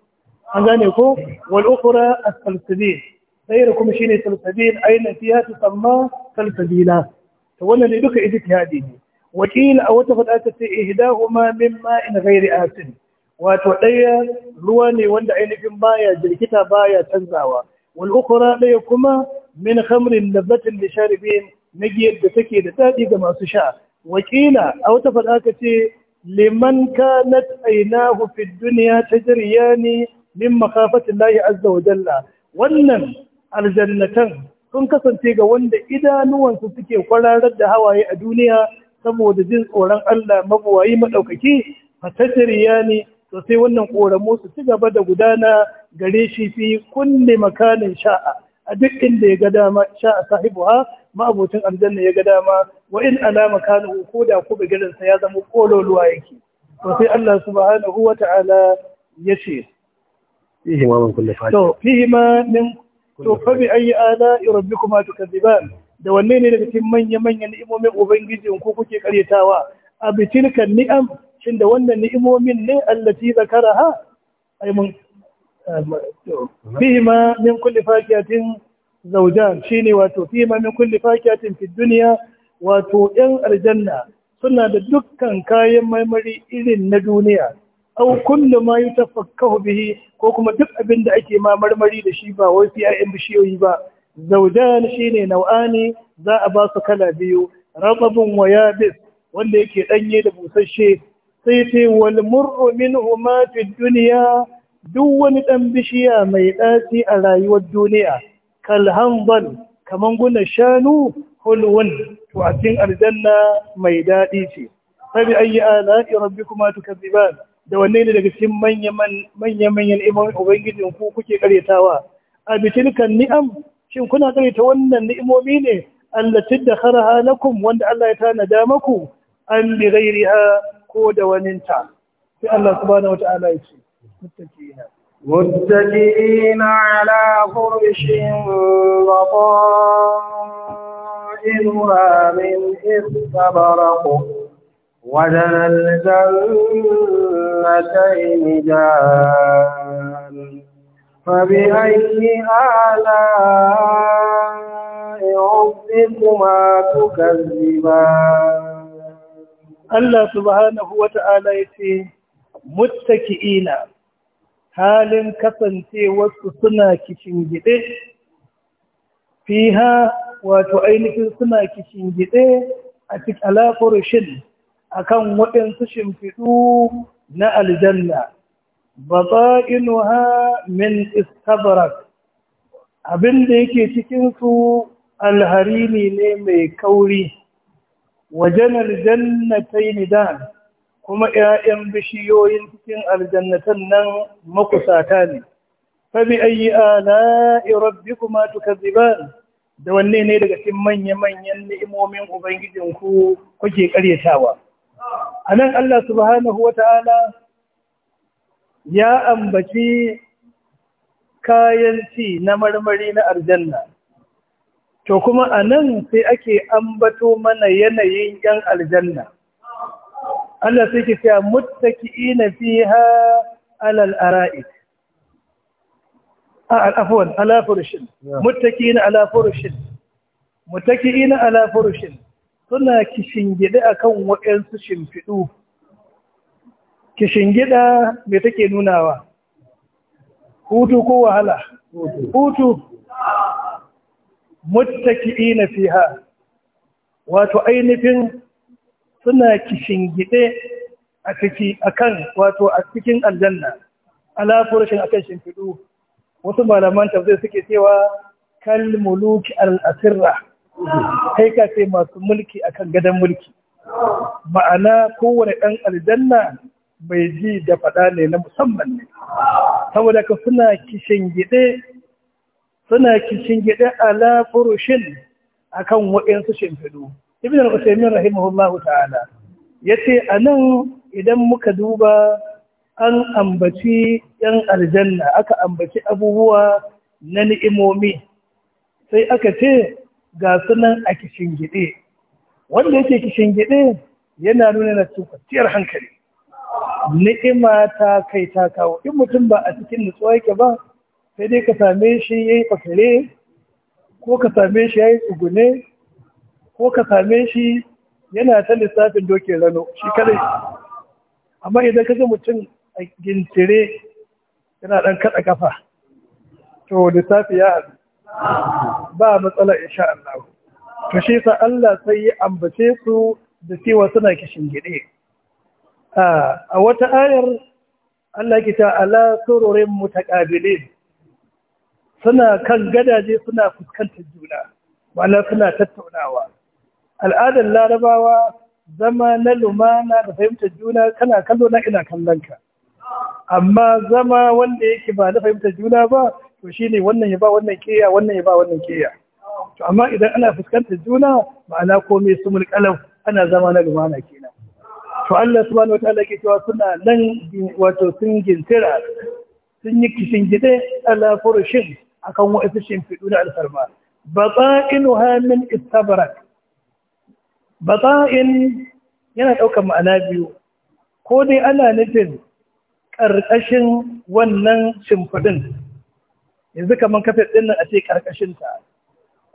Speaker 2: an gane ko wal ukhra as-salsabil ɗaya kuma shine salsabil aina fiha tusamma salsabila to wannan ne duka ijtihadi ne wakila a wata fada ta ce ihdahuma mimma in ghairi asin wato ɗaya ruwa ne wanda ainihin baya jirkita baya canzawa والأخرى ليكما من خمر لذة لشاربين نجيب بتكي لتادي كما سشاء وكيل أو تفرآكتي لمن كانت عيناه في الدنيا تجريان من مخافة الله عز وجل wannan aljannatan sun kasance ga wanda idanuwansu suke kwararar da hawaye a duniya saboda jin tsoron Allah mabuwayi maɗaukaki fatajiriya ne to sai wannan ƙoramo su ci gaba da gudana gare shi fi kulle makanin sha'a a duk inda ya ga dama sha'a ha ma'abocin aljanna ya ga dama wa in ala makanin ko da gidan sa ya zama kololuwa yake to sai Allah subhanahu wa ta'ala ya ce
Speaker 1: fihi ma min kulli fa'il to
Speaker 2: fihi ma min to fa bi ayi ala rabbikuma tukadziban da wanne ne daga cikin manya manyan ni'imomin ubangijin ku kuke karyatawa abitilkan ni'am shin da wannan ni'imomin ne zakara ha ai mun fihima min kulli fakiyatin zaujan shine wato fihima min kulli fakiyatin fi dunya wato yan aljanna suna da dukkan kayan marmari irin na duniya au kullu ma yutafakkahu bihi ko kuma duk abin da ake ma marmari da shi ba wai fi bishiyoyi ba zaujan shine nau'ani za a ba su kala biyu Rababin wa yabis wanda yake danye da busasshe sai ce wal murru minhuma fi dunya duk wani dan bishiya mai daci a rayuwar duniya kal hanbal kaman guna shanu hulwan to a cikin aljanna mai dadi ce sabi ayi ala rabbikuma tukaziban da wanne ne daga cikin manya manyan iman ubangijin ku kuke karetawa a bitilkan ni'am shin kuna kareta wannan ni'imomi ne allati dakharaha lakum wanda Allah ya tanada maku an bi ghairiha ko da wani ta sai Allah subhanahu wata'ala ya ce
Speaker 1: muttaqina muttaqina ala furshin wa qa'iluha min istabaraq وجن aiki جان فبأي آلاء ربكما تكذبان Allah
Speaker 2: subhanahu wa ta'ala ya ce, Muttaki'ina, halin kasance wasu suna kishin gide, fiha wato ainihin suna kishin gide a cikin shin a kan waɗansu shimfiɗu na aljanna. ha min istabarak abinda da yake cikinsu alharini ne mai kauri. wajen aljannatai nidan kuma ‘ya'yan bishiyoyin cikin aljannatan nan makusata ne, fabi ayi ala irabbi kuma tukaziban da wanne ne daga cikin manya-manyan ni'imomin Ubangijinku kuke karyatawa. A nan Allah subhanahu wa ta'ala ya ambaci kayan ci na marmari na aljanna to kuma a nan sai ake ambato mana yanayin ‘yan aljanna. Allah sai ke cewa muttaki'i na fi ha alal ara'ik. Afuwan, ala furushin, muttaki'i na ala furushin, muttaki'i na ala suna kishingide a kan waɗansu shimfiɗu. Kishingida mai take nunawa, hutu ko wahala, hutu. muttaki'ina fiha wato ainihin suna kishin gide a ciki akan wato a cikin aljanna ala furushin akan shimfidu wasu malaman tafsir suke cewa kal muluk al asirra kai ka ce masu mulki akan gadan mulki ma'ana kowane dan aljanna mai ji da faɗa ne na musamman ne saboda ka suna kishin gide suna kishin gida ala furushin kan waɗansu shimfiɗu ibn al-usaymin rahimahullahu ta'ala a nan idan muka duba an ambaci yan aljanna aka ambaci abubuwa na ni'imomi sai aka ce ga sunan a kishin gida. wanda yake kishin gida yana nuna na kwanciyar hankali ni'ima ta kai ta kawo in mutum ba a cikin nutsuwa yake ba sai dai ka same shi ya yi fasare ko ka same shi ya yi tsugune ko ka same shi yana ta lissafin dokin rano shi kadai amma idan ka ji mutum a gintire yana ɗan kaɗa kafa to lissafi ya ba matsala insha Allah to shi sa Allah sai ya ambace su da cewa suna kishin gide ah, a wata ayar Allah ki ta ala sururin mutaqabilin suna kan gadaje suna fuskantar juna wala suna tattaunawa al'adar larabawa zama na lumana da fahimtar juna kana kallo na ina kallon ka amma zama wanda yake ba na fahimtar juna ba to shine wannan ya ba wannan keya wannan ya ba wannan keya to amma idan ana fuskantar juna ma'ana komai sumul mulkalau ana zama na lumana kenan to Allah subhanahu wataala yake cewa suna nan wato sun gintira sun yi kishin gide ala furushin akan wa'asu shimfiɗu na alfarma batsa'inuha min istabarak batsa'in yana ɗaukar ma'ana biyu ko dai ana nufin ƙarƙashin wannan shimfiɗin yanzu kamar kafet ɗin nan a ce ƙarƙashinta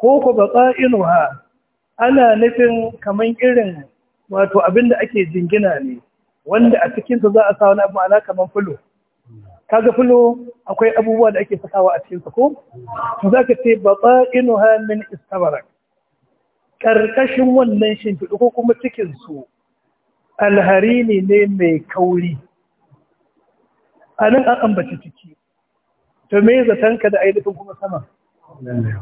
Speaker 2: ko ku batsa'inuha ana nufin kamar irin wato abin da ake jingina ne wanda a cikinsa za a sa wani abu ma'ana kamar fulo Ka ga fulo akwai abubuwa da ake sakawa a cikin ko to zaka ce babainuha min istabarak karkashin wannan shimfiɗu ko kuma cikin su alharini ne mai kauri a an ambaci ciki to me zatanka da ainihin kuma sama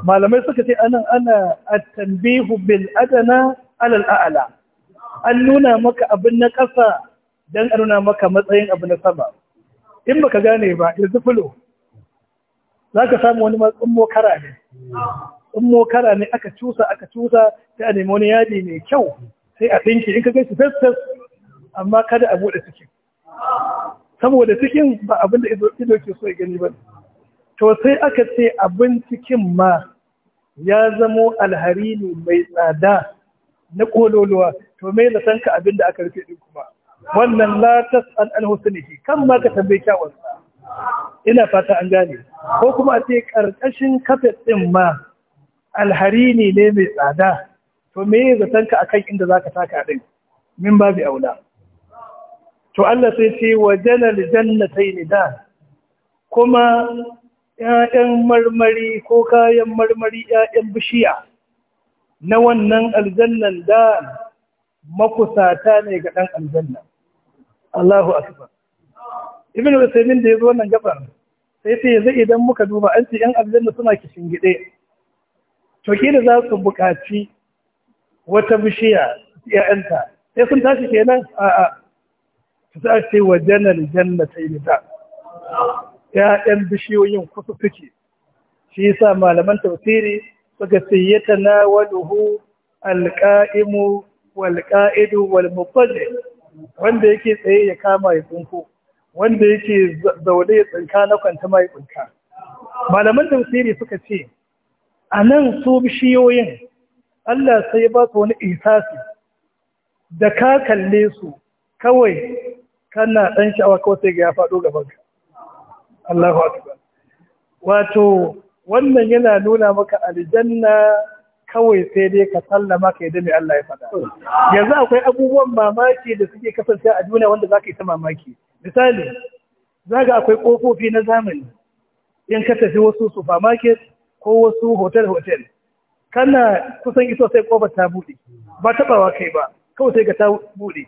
Speaker 2: malamai suka ce anan ana at-tanbihu bil adana alal a'la an nuna maka abin na ƙasa don a nuna maka matsayin abu na sama in baka gane ba irzufulo za ka samu wani tsummo mokara ne in kara ne aka cusa aka cusa ta nemi wani yadi mai kyau sai a tsinki in ka gan su fes amma kada a buɗe cikin saboda cikin ba abin da ido ke so ya gani ba to sai aka ce abin cikin ma ya zamo alharini mai tsada na kololuwa to mai da sanka abin da aka rufe din kuma wannan la tas'al an husnihi kan ma ka tambaye kyawarsa ina fata an gane ko kuma a ce karkashin kafet ɗin ma alharini ne mai tsada to me ya zaton ka akan inda zaka taka din min babu aula to Allah sai ce wa janal jannatayn da kuma ‘ya'yan marmari ko kayan marmari ‘ya'yan bishiya na wannan aljannan da makusata ne ga ɗan aljannan. Allahu akbar ibn usaymin da ya zo wannan gabar sai sai yanzu idan muka duba an ce yan aljanna suna kishin gide to kila za su buƙaci wata bishiya ya'yanta sai sun tashi kenan a a su ta ce wa janar jannata yi da ya'yan bishiyoyin kusa suke shi yasa malaman tafsiri suka ce ya tanawaluhu alqa'imu wal qa'idu wanda yake tsaye ya kama ya tsinko wanda yake zaune ya tsinka na kwanta ma ya tsinka malaman tafsiri suka ce a nan su bishiyoyin Allah sai ba su wani isasi da ka kalle su kawai kana ɗan sha'awa kawai sai ga ya faɗo gaban ka Allahu wato wannan yana nuna maka aljanna kawai sai dai ka sallama ka yadda mai Allah ya faɗa yanzu akwai abubuwan mamaki da suke kasance a duniya wanda za ka yi ta mamaki misali za ga akwai ƙofofi na zamani in ka tafi wasu supermarket ko wasu hotel-hotel kana kusan iso sai ƙofar ta buɗe ba taɓawa kai ba kawai sai ka ta buɗe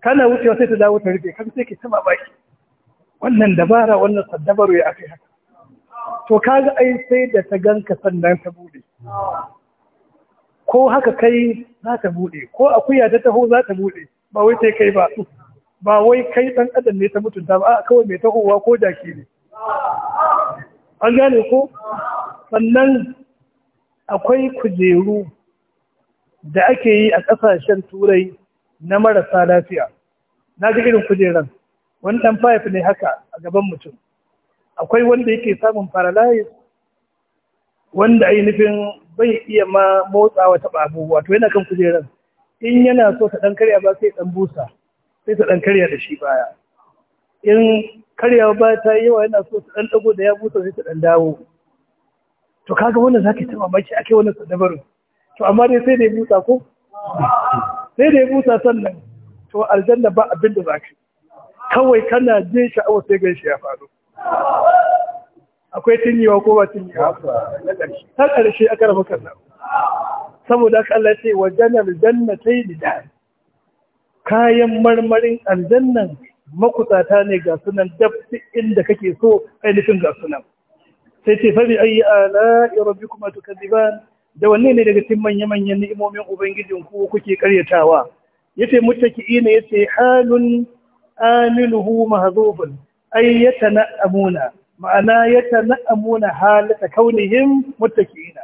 Speaker 2: kana wucewa sai ta dawo ta rufe kan sai ke ta mamaki wannan dabara wannan saddabaru ya aka haka to kaga ai sai da ta ganka sannan ta buɗe ko haka kai za ta buɗe ko akuya ta taho za ta buɗe ba wai sai kai ba ba wai kai ɗan adam ne ta mutunta ba kawai mai tahowa ko ke ne an gane ko sannan akwai kujeru da ake yi a ƙasashen turai na marasa lafiya na ga irin kujeran wani ɗan fayif ne haka a gaban mutum akwai wanda yake samun paralyze wanda ainihin bai iya ma motsawa taɓa abubuwa to yana kan kujerar in yana so ta ɗan karya ba sai ɗan busa sai ta ɗan karya da shi baya in karya ba ta yi yawa yana so ta ɗan dago da ya busa sai ta ɗan dawo to kaga wannan zaka ta mamaki ake wannan sadabar to amma dai sai da ya busa ko sai da ya busa sannan to aljanna ba abin da zaka kawai kana jin sha'awa sai gan shi ya faru akwai cinyewa ko ba cinyewa ta ƙarshe aka rabu kanna saboda aka Allah ce ta yi da kayan marmarin aljannan makusata ne ga sunan dab inda kake so ainihin ga sunan sai ce fari ayi ala rabbikum ba. da wanne ne daga cikin manya-manyan ni'imomin ubangijin ku kuke karyatawa yace muttaki ne yace halun aminuhu mahzufun ayyatana amuna ma'ana ya tana'amuna halata kaunihim muttaqi'ina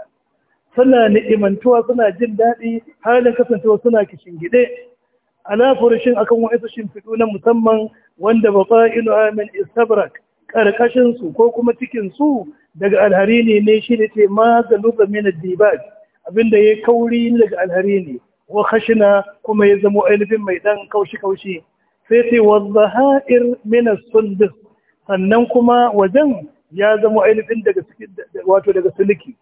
Speaker 2: suna ni'imantuwa suna jin daɗi halin kasancewa suna kishingide ala furushin akan wa'ansu shimfiɗu na musamman wanda bafa'inu min istabrak karkashin su ko kuma cikin su daga alharini ne shi ne ce ma galuba min dibaj abinda ya kauri daga alharini wa khashina kuma ya zamo ainihin mai ɗan kaushi kaushi sai ce wa zahair min sundus sannan kuma wajen ya zama ainihin daga cikin wato daga suliki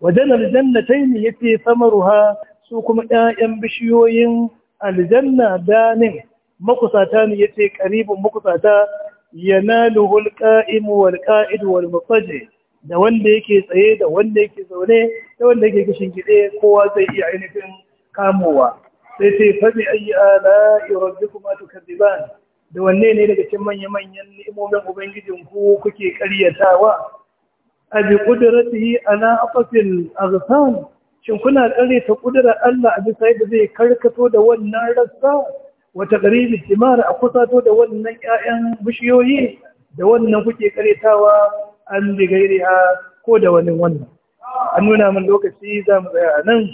Speaker 2: wajen aljannatayn yace ruha su kuma 'ya'yan bishiyoyin aljanna danin makusata ne yace ƙaribin makusata Ya na yanaluhu alqa'imu walqa'idu mafaje da wanda yake tsaye da wanda yake zaune da wanda yake kishin gide kowa zai iya ainihin kamowa sai sai fabi ayi ala rabbikuma tukadiban da wanne ne daga cikin manya-manyan ni'imomin ubangijin ku kuke ƙaryatawa a bi ƙudurattihi ala afafin aghsan shin kuna ƙaryata ƙudurar Allah a bisa yadda zai karkato da wannan rassa wata ƙaribi a kusato da wannan 'ya'yan bishiyoyi da wannan kuke ƙaryatawa an bi a ko da wani wannan an nuna min lokaci za mu tsaya nan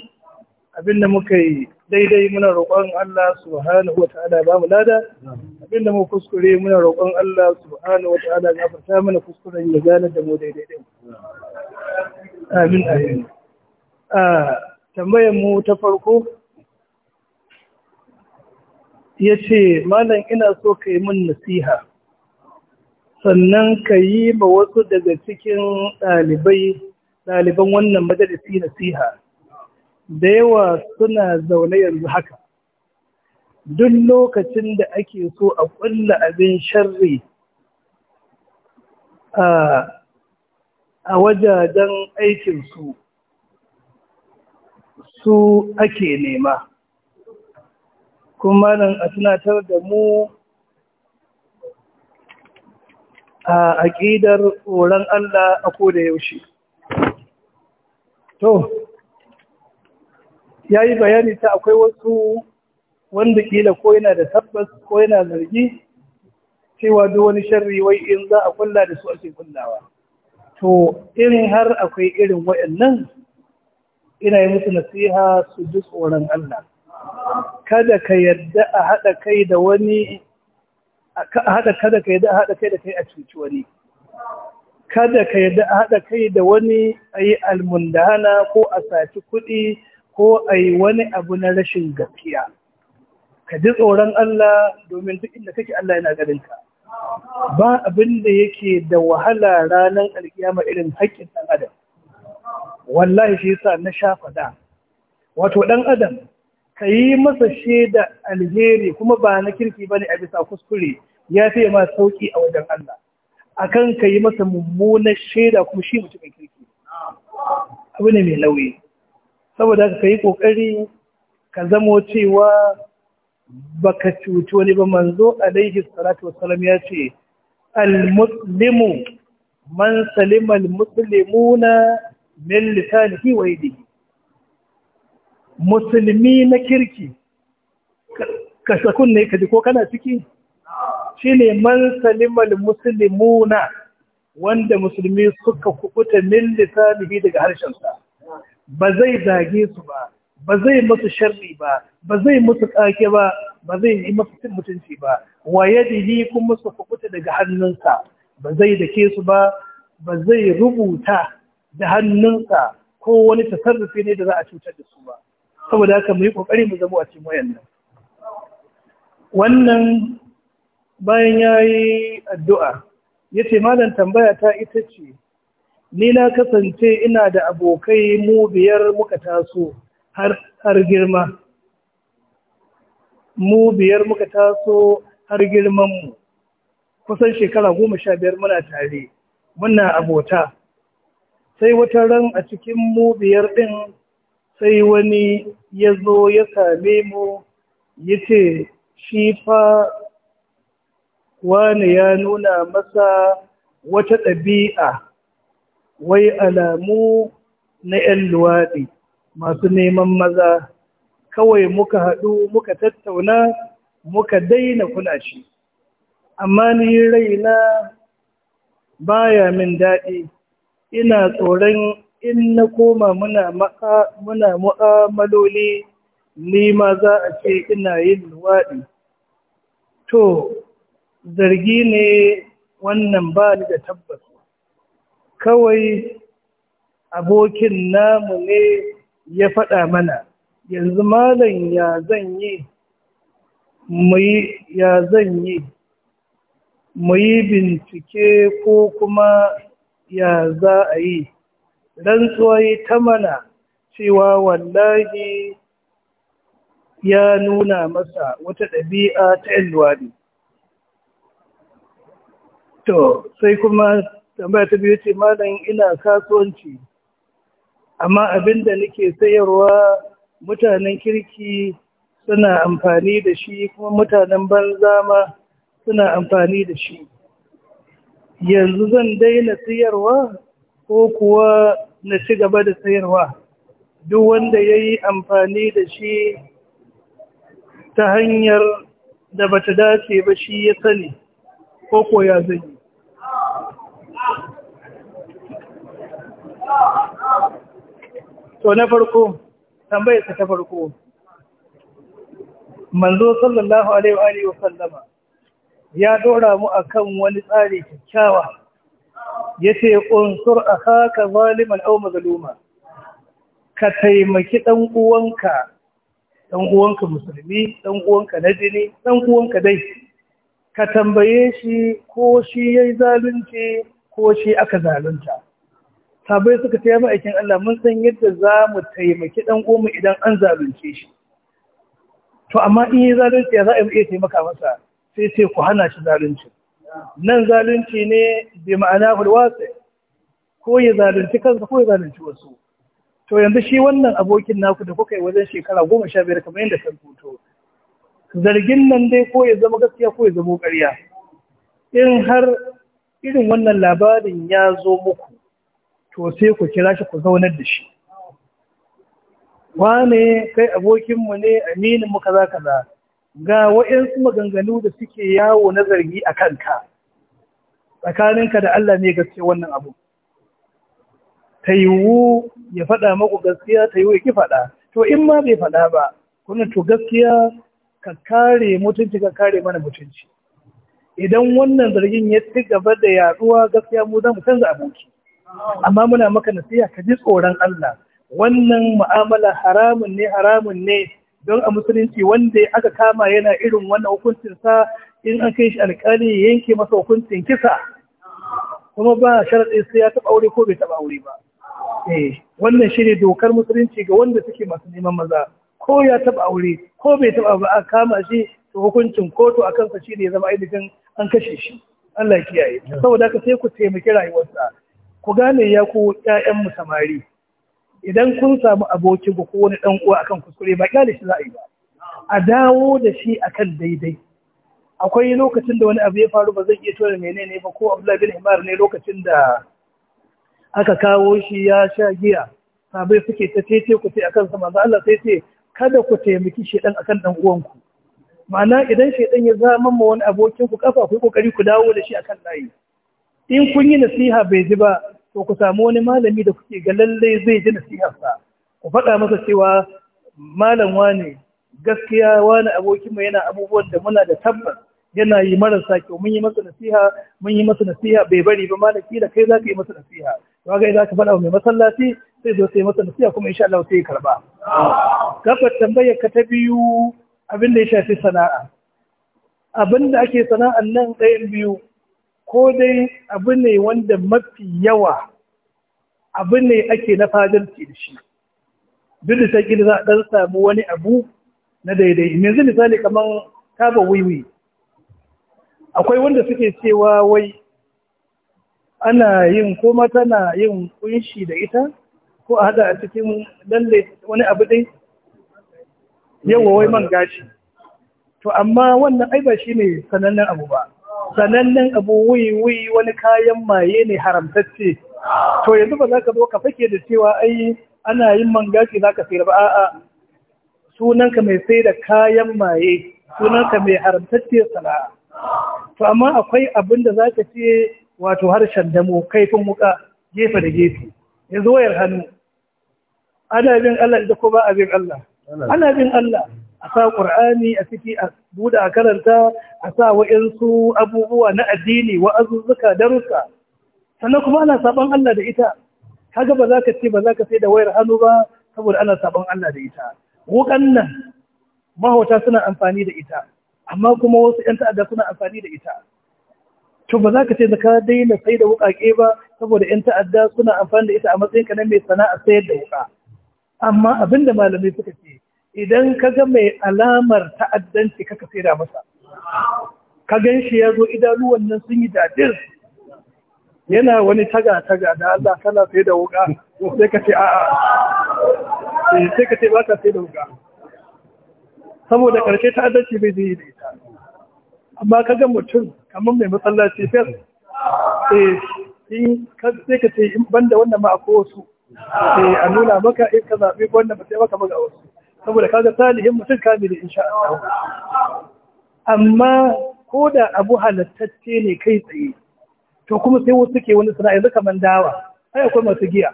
Speaker 2: abin da muka yi daidai muna roƙon Allah subhanahu wa ta'ala ba mu lada abinda mu kuskure muna roƙon Allah subhanahu wa ta'ala ya gafarta mana kuskuren ya gane da mu daidai din amin amin A tambayar mu ta farko yace malam ina so ka yi min nasiha sannan ka yi ma wasu daga cikin ɗalibai ɗaliban wannan majalisi nasiha da yawa suna zaune yanzu haka duk lokacin da ake so a ƙulla abin sharri a wajajen aikinsu su ake nema kuma nan a tunatar da mu a aƙidar tsoron Allah a koda yaushe to ya yi bayani ta akwai wasu wanda kila ko yana da tabbas ko yana zargi cewa duk wani sharri wai in za a kulla da su ake kullawa to in har akwai irin waɗannan ina yi musu nasiha su ji tsoron Allah kada ka yadda a haɗa kai da wani hada kada ka yadda a hada kai da kai a cuci wani kada ka yadda a hada kai da wani a yi almundana ko a saci kuɗi ko a yi wani abu na rashin gaskiya ka ji tsoron Allah domin duk inda kake Allah yana ganinka ba abin da yake da wahala ranar alkiyama irin haƙƙin ɗan adam wallahi shi yasa na shafa da. wato ɗan adam ka yi masa shaida alheri kuma ba na kirki ba ne a bisa kuskure ya fi ma sauƙi a wajen Allah akan ka yi masa mummunar shaida kuma shi mutumin kirki abu ne mai nauyi saboda ka yi ƙoƙari ka zamo cewa baka cuci wani ba manzo alaihi salatu Wasalam ya ce al-muslimu man salima al-muslimuna min lisanihi wa yadihi musulmi na kirki ka sakun ne ka ji ko kana ciki Shi ne man salima al na wanda musulmi suka kukuta min lisanihi daga harshensa ba zai zage su ba ba zai musu sharri ba ba zai musu kake ba ba zai yi masu cin mutunci ba wa yadihi kuma su fukuta daga hannunsa ba zai dake su ba ba zai rubuta da hannunsa ko wani tasarrufi ne da za a
Speaker 1: cutar da su ba
Speaker 2: saboda haka mu yi kokari mu zama a cikin wayannan wannan bayan yayi addu'a yace malam tambaya ta ita ce ni na kasance ina da abokai mu biyar muka taso har girma mu biyar muka taso har girmanmu kusan shekara goma sha biyar muna tare muna abota sai wata ran a cikin mu biyar ɗin sai wani ya zo ya same mu ya ce shi fa wani ya nuna masa wata ɗabi'a wai alamu na 'yan luwaɗi masu neman maza kawai muka haɗu muka tattauna muka daina kula shi amma ni raina baya min daɗi ina tsoron in na koma muna mu'amaloli ni ma za a ce ina yin luwaɗi to zargi ne wannan ba ni da tabbas kawai abokin namu ne ya faɗa mana yanzu malam ya zan yi mu yi ya zan yi mu bincike ko kuma ya za a yi rantsuwa ta mana cewa wallahi ya nuna masa wata ɗabi'a ta ‘yan luwaɗi. To, sai kuma tambaya ta biyu ce malam ina kasuwanci amma abin da nake sayarwa mutanen kirki suna amfani da shi kuma mutanen banza ma suna amfani da shi yanzu zan daina sayarwa ko kuwa na ci gaba da sayarwa duk wanda ya yi amfani da shi ta hanyar da bata dace ba shi ya sani ko ko ya zai to na farko ka ta farko manzo sallallahu alaihi wa sallama ya dora mu akan wani tsari kyakkyawa yace unsur akhaka zaliman aw mazluma ka taimaki dan uwanka dan uwanka musulmi dan uwanka na jini dan uwanka dai ka tambaye shi ko shi yayi zalunci ko shi aka zalunta sabai suka yi ma'aikin Allah mun san yadda za mu taimaki ɗan uwanmu idan an zalunce shi to amma in yi zalunci za a iya taimaka masa sai sai ku hana shi zalunci nan zalunci ne bi ma'ana hulwasa ko ya zalunci kansa ko ya zalunci wasu to yanzu shi wannan abokin naku da kuka yi wajen shekara goma sha biyar kamar yadda kan fito zargin nan dai ko ya zama gaskiya ko ya zama ƙarya in har irin wannan labarin ya zo muku to sai ku kira shi ku zaunar da shi wane kai abokinmu ne aminin kaza kaza ga wa'yansu maganganu da suke yawo na zargi a kanka tsakaninka da Allah ne gaske wannan abu ta yiwu ya faɗa maku gaskiya ta yiwu ya ki faɗa to in ma bai faɗa ba kuna to gaskiya ka kare mutunci ka kare mana mutunci idan wannan zargin ya ci gaba da yaduwa gaskiya mu za mu canza aboki amma muna maka nasiha ka ji tsoron Allah wannan mu'amala haramun ne haramun ne don a musulunci wanda aka kama yana irin wannan hukuncin sa in an kai shi alƙali yanke masa hukuncin kisa kuma ba sharadi sai ya taɓa aure ko bai taɓa aure ba eh wannan shine dokar musulunci ga wanda suke masu neman maza ko ya taɓa aure ko bai taba ba a kama shi to hukuncin kotu akan kansa shine ya zama ainihin an kashe shi Allah ya kiyaye saboda ka sai ku taimaki rayuwarsa ku gane ya ku ƴaƴan mu samari idan kun samu aboki ko wani dan uwa akan kuskure ba kyale shi za a yi ba a dawo da shi akan daidai akwai lokacin da wani abu ya faru ba zai iya tura menene ba ko Abdullahi bin Himar ne lokacin da aka kawo shi ya sha giya sabai suke ta tete ku sai akan sa manzo Allah sai ce kada ku taimaki shedan akan dan uwanku ma'ana idan shaidan ya zama ma wani abokin ku kafa ku kokari ku dawo da shi akan layi in kun yi nasiha bai ji ba to ku samu wani malami da kuke ga lalle zai ji nasiharsa ku faɗa masa cewa malam ne. gaskiya wani abokinmu yana abubuwan da muna da tabbas yana yi marasa kyau mun yi masa nasiha mun yi masa nasiha bai bari ba malaki da kai za ka yi masa nasiha to ga za ka faɗa mai masallaci sai zo sai masa nasiha kuma insha Allah sai karba Gabar tambayar ka ta biyu abin da ya shafi sana'a abin da ake sana'an nan ɗayan biyu ko dai abu ne wanda mafi yawa abu ne ake na fadar da shi duk da sai za a ɗan samu wani abu na daidai yanzu misali kamar kaba wiwi akwai wanda suke cewa wai ana yin ko mata na yin kunshi da ita ko a hada a cikin lalle wani abu dai yawa wai man gashi to amma wannan ai ba ne sanannen abu ba sanannen abu wuyi-wuyi wani kayan maye ne haramtacce to yanzu ba za ka zo ka fake da cewa ai ana yin mangaki, za ka sayar ba a'a sunanka mai sai da kayan maye sunanka mai haramtacce sana'a to amma akwai abin da za ka ce wato harshen damo kaifin wuka gefe da gefe yanzu wayar hannu ana bin Allah da ko ba a bin Allah ana bin Allah a sa ƙur'ani a ciki a buɗe a karanta a sa wa'insu abubuwa na addini wa azuzzuka darussa sannan kuma ana saban Allah da ita kaga ba za ka ce ba za ka sai da wayar hannu ba saboda ana saban Allah da ita wukan nan mahauta suna amfani da ita amma kuma wasu 'yan ta'adda suna amfani da ita to ba za ka ce ka daina sai da wuƙaƙe ba saboda 'yan ta'adda suna amfani da ita a ka na mai sana'a sayar da wuƙa amma abinda malamai suka ce idan ka ga mai alamar ta'addanci kaka sai da masa ka gan shi ya zo idanuwan nan sun yi dadir yana wani taga-taga da Allah na sai da wuka sai ka ce a'a eh, sai ka ce ba ka sai da wuka saboda karshe ta'addanci bai zai yi da ita amma ka ga mutum kamar mai matsalaci fes eh, sai ka ce in banda wannan ma a kowasu eh, a nuna maka in ka zaɓi wannan ba sai maka maga wasu saboda kaga salihin mutum kamili insha Allah amma ko da abu halattacce ne kai tsaye to kuma sai wasu ke wani sana'a yanzu kaman dawa ai akwai masu giya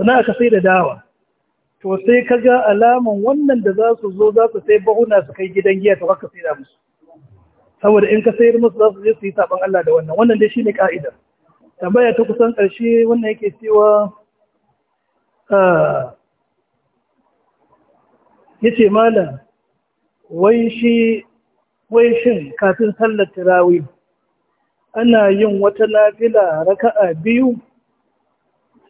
Speaker 2: sana'a ka sai da dawa to sai ka alaman wannan da za su zo za su sai bahuna su kai gidan giya to haka sai da musu saboda in ka sayar musu za su je su yi saban Allah da wannan wannan dai shine ka'idar tambaya ta kusan karshe wannan yake cewa ah, yace malam wai shi wai shin kafin sallar tirawi ana yin wata nafila raka'a biyu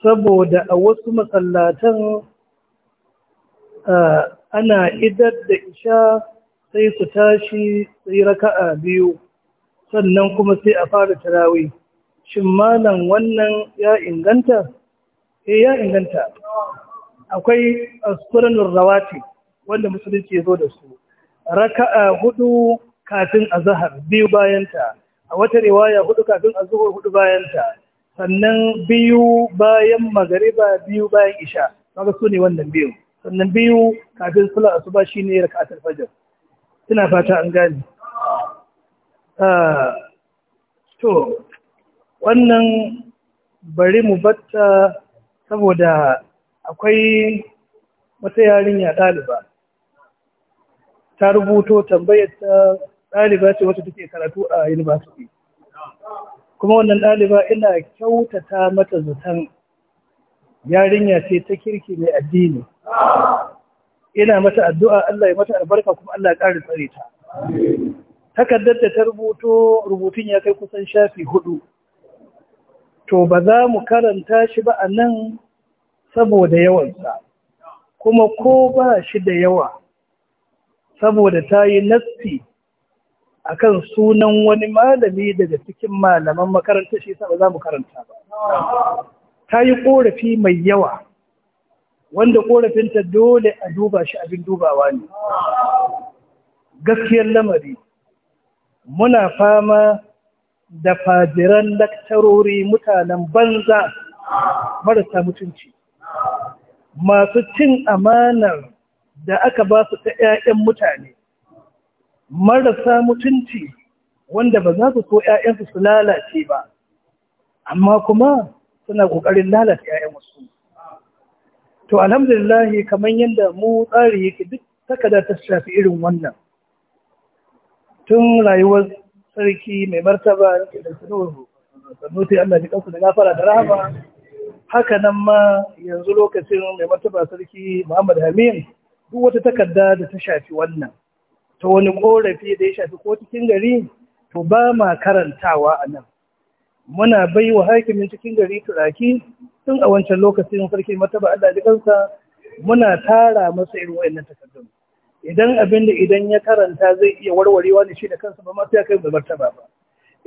Speaker 2: saboda a wasu masallatan ana idar da isha sai su tashi sai raka'a biyu sannan kuma sai a fara tarawih shin malam wannan ya inganta eh ya inganta akwai asfuranur rawatib wanda musulunci ya zo da su raka'a hudu kafin azhar biyu bayanta a wata riwaya hudu kafin azhar hudu bayanta sannan biyu bayan magariba biyu bayan isha kaga su ne wannan biyu sannan biyu kafin sallar asuba shine raka'atul fajr ina fata an gani. Ah, to wannan bari mu batta saboda akwai wata yarinya ɗaliba ta rubuto tambayar ta ɗaliba ce wacce take karatu a university kuma wannan ɗaliba ina kyautata mata zaton yarinya ce ta kirki mai addini ina mata addu'a Allah ya mata albarka kuma Allah ya ƙara tsare ta takardar da ta rubuto rubutun ya kai kusan shafi hudu to ba za mu karanta shi ba a nan saboda yawansa kuma ko ba shi da yawa saboda ta yi nassi kan sunan wani malami daga cikin malaman makaranta shi ba za mu karanta ba ta yi korafi mai yawa wanda ƙorafinta dole a duba shi abin dubawa ne gaskiyar lamari muna fama da fajiran laktarori mutanen banza marasa mutunci masu cin amanar da aka ba su ta ‘ya'yan mutane marasa mutunci wanda ba za su so ‘ya'yansu su lalace ba, amma kuma suna ƙoƙarin lalata ‘ya'yan wasu. To, alhamdulillahi kamar yadda mu tsari yake duk takada ta shafi irin wannan. Tun rayuwar sarki mai martaba da Allah kansu da gafara da rahama, haka nan ma yanzu lokacin mai martaba sarki Muhammad Hamid duk wata takarda da ta shafi wannan ta wani korafi da ya shafi ko cikin gari to ba ma karantawa a nan muna bai wa hakimin cikin gari turaki tun a wancan lokacin sarki mataba Allah da kansa muna tara masa irin wayannan takardun idan abin da idan ya karanta zai iya warwarewa ne shi da kansa ba ma sai kai mai martaba ba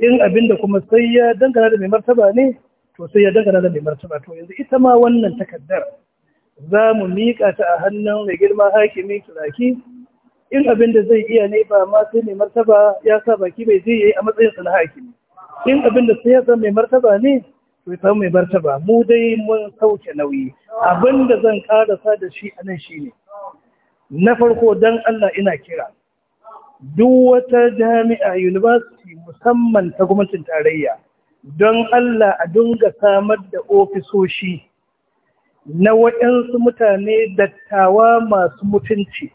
Speaker 2: in abin da kuma sai ya dangana da mai martaba ne to sai ya dangana da mai martaba to yanzu ita ma wannan takardar za mu miƙa ta a hannun mai girma hakimi turaki in abin da zai iya ne ba ma sai mai martaba ya sa baki bai zai yi a matsayin na hakimi in abin da sai ya san mai martaba ne to ya mai martaba mu dai mun sauke nauyi abin da zan karasa da shi a nan shi ne. na farko don Allah ina kira duk wata jami'a university musamman ta gwamnatin tarayya don Allah a dunga samar da ofisoshi na waɗansu mutane dattawa masu mutunci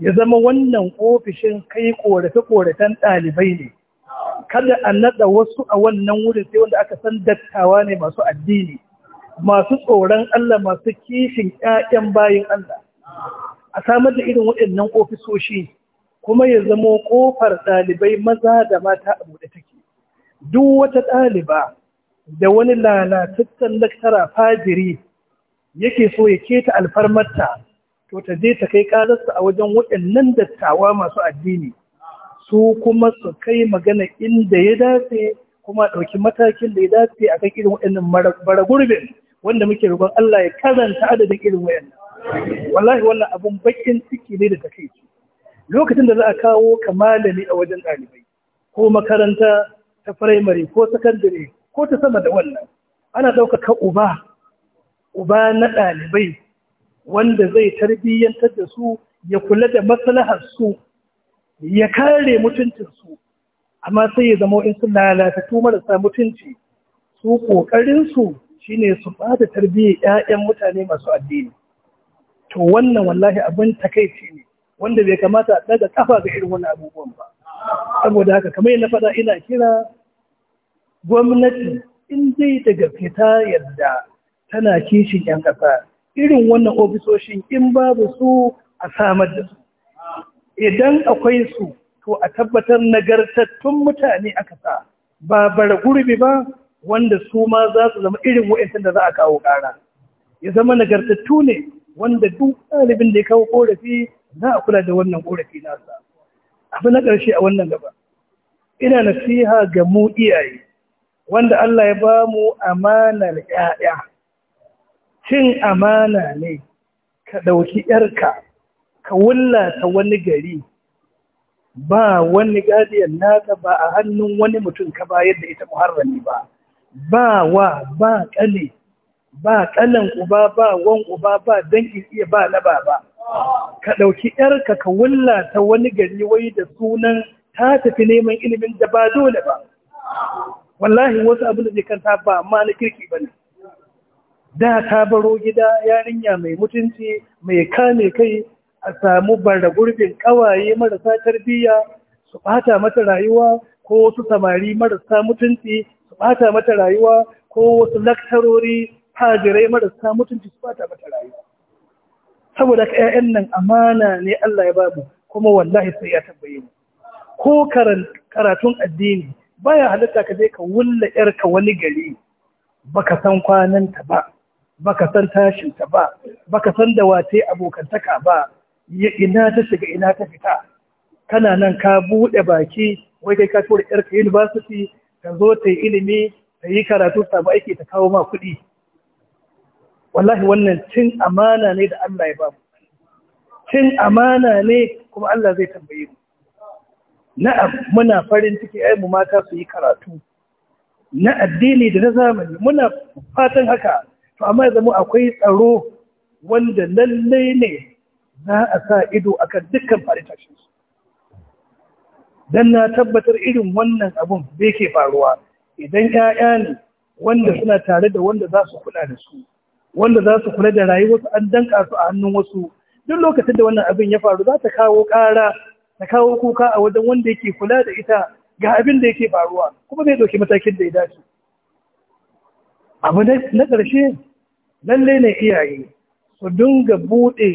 Speaker 2: ya zama wannan ofishin kai korafe-korafen ɗalibai ne kada a naɗa wasu a wannan wurin sai wanda aka san dattawa ne masu addini masu tsoron Allah masu kishin ƴaƴan bayan Allah a samar da irin waɗannan ofisoshi kuma ya zama ƙofar ɗalibai maza da mata a buɗe take duk wata ɗaliba da wani lalataccen laktara fajiri yake so ya keta alfarmarta to ta je ta kai ƙararsa a wajen waɗannan dattawa masu addini su kuma su kai magana inda ya dace kuma ɗauki matakin da ya dace a kan irin waɗannan baragurbin wanda muke rubar Allah ya karanta adadin irin waɗannan wallahi wannan abun bakin ciki ne da takeici lokacin da za a kawo kamalami a wajen ɗalibai ko makaranta ta firamare ko sakandare ko ta sama da wannan ana ɗaukaka uba uba na ɗalibai wanda zai tarbiyyantar da su ya kula da maslahar su ya kare mutuncinsu amma sai ya zama in sun lalatattu marasa mutunci su ƙoƙarinsu shi ne su ba da tarbiyyar 'ya'yan mutane masu addini to wannan wallahi abin takaici ne wanda bai kamata a ɗaga ƙafa ga irin wani abubuwan ba saboda haka kamar na faɗa ina kira gwamnati in zai daga fita yadda tana kishin 'yan ƙasa irin wannan ofisoshin in babu su a samar da su idan akwai su to a tabbatar nagartattun mutane aka sa ba bara gurbi ba wanda su ma za su zama irin wa'intan da za a kawo ƙara ya zama nagartattu ne wanda duk ɗalibin da ya kawo ƙorafi za a kula da wannan ƙorafi nasa abu na ƙarshe a wannan gaba ina nasiha ga mu iyaye wanda Allah ya ba mu amanar 'ya'ya cin amana ne ka ɗauki ‘yarka ka wullata wani gari ba wani gadiyan nata ba a hannun wani mutum ka bayar da ita muharrami ba ba wa ba ƙale ba ƙalan uba ba wan uba ba dangin iya ba laba ba ka ɗauki ‘yarka ka wullata wani gari wai da sunan ta tafi neman ilimin da ba dole ba wallahi wasu abin da zai kanta ba ma na kirki ba ne da ta baro gida yarinya mai mutunci mai kame kai a samu bara gurbin kawaye marasa tarbiyya su bata mata rayuwa ko wasu samari marasa mutunci su bata mata rayuwa ko wasu laktarori hajirai marasa mutunci su bata mata rayuwa saboda ka 'ya'yan nan amana ne Allah ya babu kuma wallahi sai ya tabbaye mu ko karatun addini baya halitta ka je ka wulla yarka wani gari baka san kwananta ba baka san tashinta ba baka san da wace abokantaka ba ina ta shiga ina ta fita kana nan ka buɗe baki wai kai ka tura yarka university ka zo ta yi ilimi ta yi karatu ta samu aiki ta kawo ma kuɗi wallahi wannan cin amana ne da Allah ya ba mu cin amana ne kuma Allah zai tambaye mu na'am muna farin ciki ai mu mata su yi karatu na addini da na zamani muna fatan haka to amma ya zama akwai tsaro wanda lallai ne za a sa ido akan dukkan faritashin su dan na tabbatar irin wannan abun da yake faruwa idan 'ya'ya ne wanda suna tare da wanda za su kula da su wanda za su kula da wasu, an danka su a hannun wasu duk lokacin da wannan abin ya faru za ta kawo ƙara ta kawo kuka a wajen wanda yake kula da ita ga abin da yake faruwa kuma zai ɗauki matakin da ya dace abu na ƙarshe lalle ne iyaye su dinga buɗe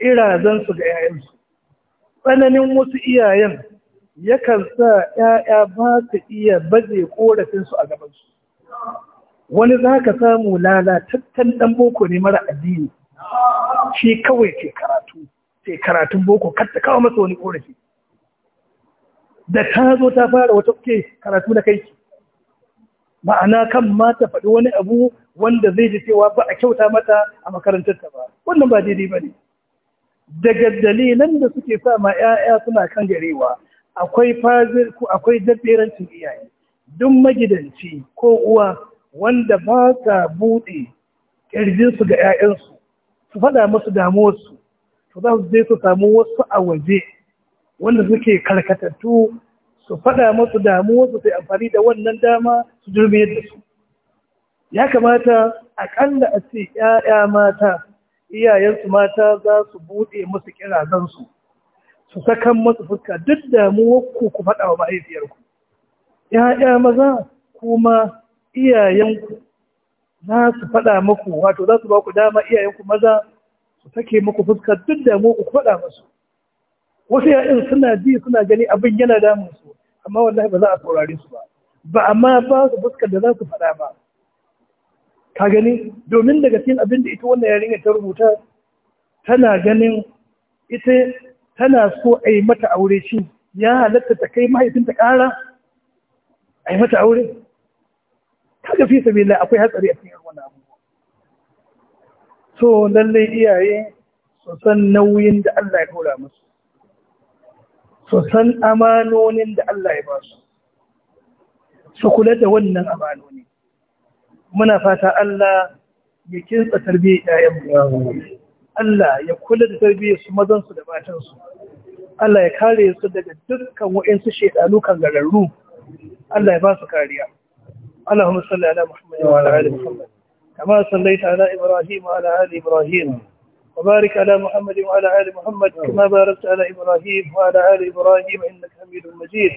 Speaker 2: irazansu ga 'ya'yansu tsananin wasu iyayen yakan sa 'ya'ya ba su iya baje ƙorafinsu a gabansu wani za ka samu lalatattan ɗan boko ne mara addini shi kawai ke karatu ke karatun boko katta kawo masa wani korafi da ta zo ta fara wata ke karatu na kai ma'ana kan ma ta faɗi wani abu wanda zai ji cewa ba a kyauta mata a makarantarta ba wannan ba daidai ba ne daga dalilan da suke sa ma 'ya'ya suna kan garewa akwai fazir ko akwai dabberancin iyaye duk magidanci ko uwa wanda ba ka buɗe ƙirjinsu ga 'ya'yansu su faɗa musu damuwarsu to za su je su samu wasu a waje wanda suke karkatattu su faɗa musu damuwarsu sai amfani da wannan dama su jirmiyar da su ya kamata aƙalla a ce ‘ya'ya mata iyayensu mata za su buɗe musu kirazansu su sakan musu fuska duk damuwarku ku faɗa wa mahaifiyarku ‘ya'ya maza kuma iyayenku za su faɗa muku wato za su ba ku dama iyayenku maza su sake muku fuska duk damuwarku ku faɗa musu wasu ‘ya'yan suna ji suna gani abin yana damunsu amma wallahi ba za a saurare su ba ba amma ba su fuskar da za su faɗa ba ka gani domin daga cikin abin da ita wannan yarinya ta rubuta tana ganin ita tana so a yi mata aure shi ya halatta ta kai mahaifinta ƙara a yi mata aure Ta fi sabi akwai hatsari a cikin wannan abubuwa so lallai iyaye su san nauyin da Allah ya kora musu su san amanonin da Allah ya ba su su kula da wannan amanoni muna fata Allah ya kinsa tarbiyyar
Speaker 1: ƴaƴanmu
Speaker 2: Allah ya kula da tarbiyyar su mazan su da matan su Allah ya kare su daga dukkan wa'ansu shedanu kan gararru Allah ya ba su kariya Allahumma salli ala Muhammad wa ala ali Muhammad kama sallaita ala Ibrahim wa ala
Speaker 1: ali Ibrahim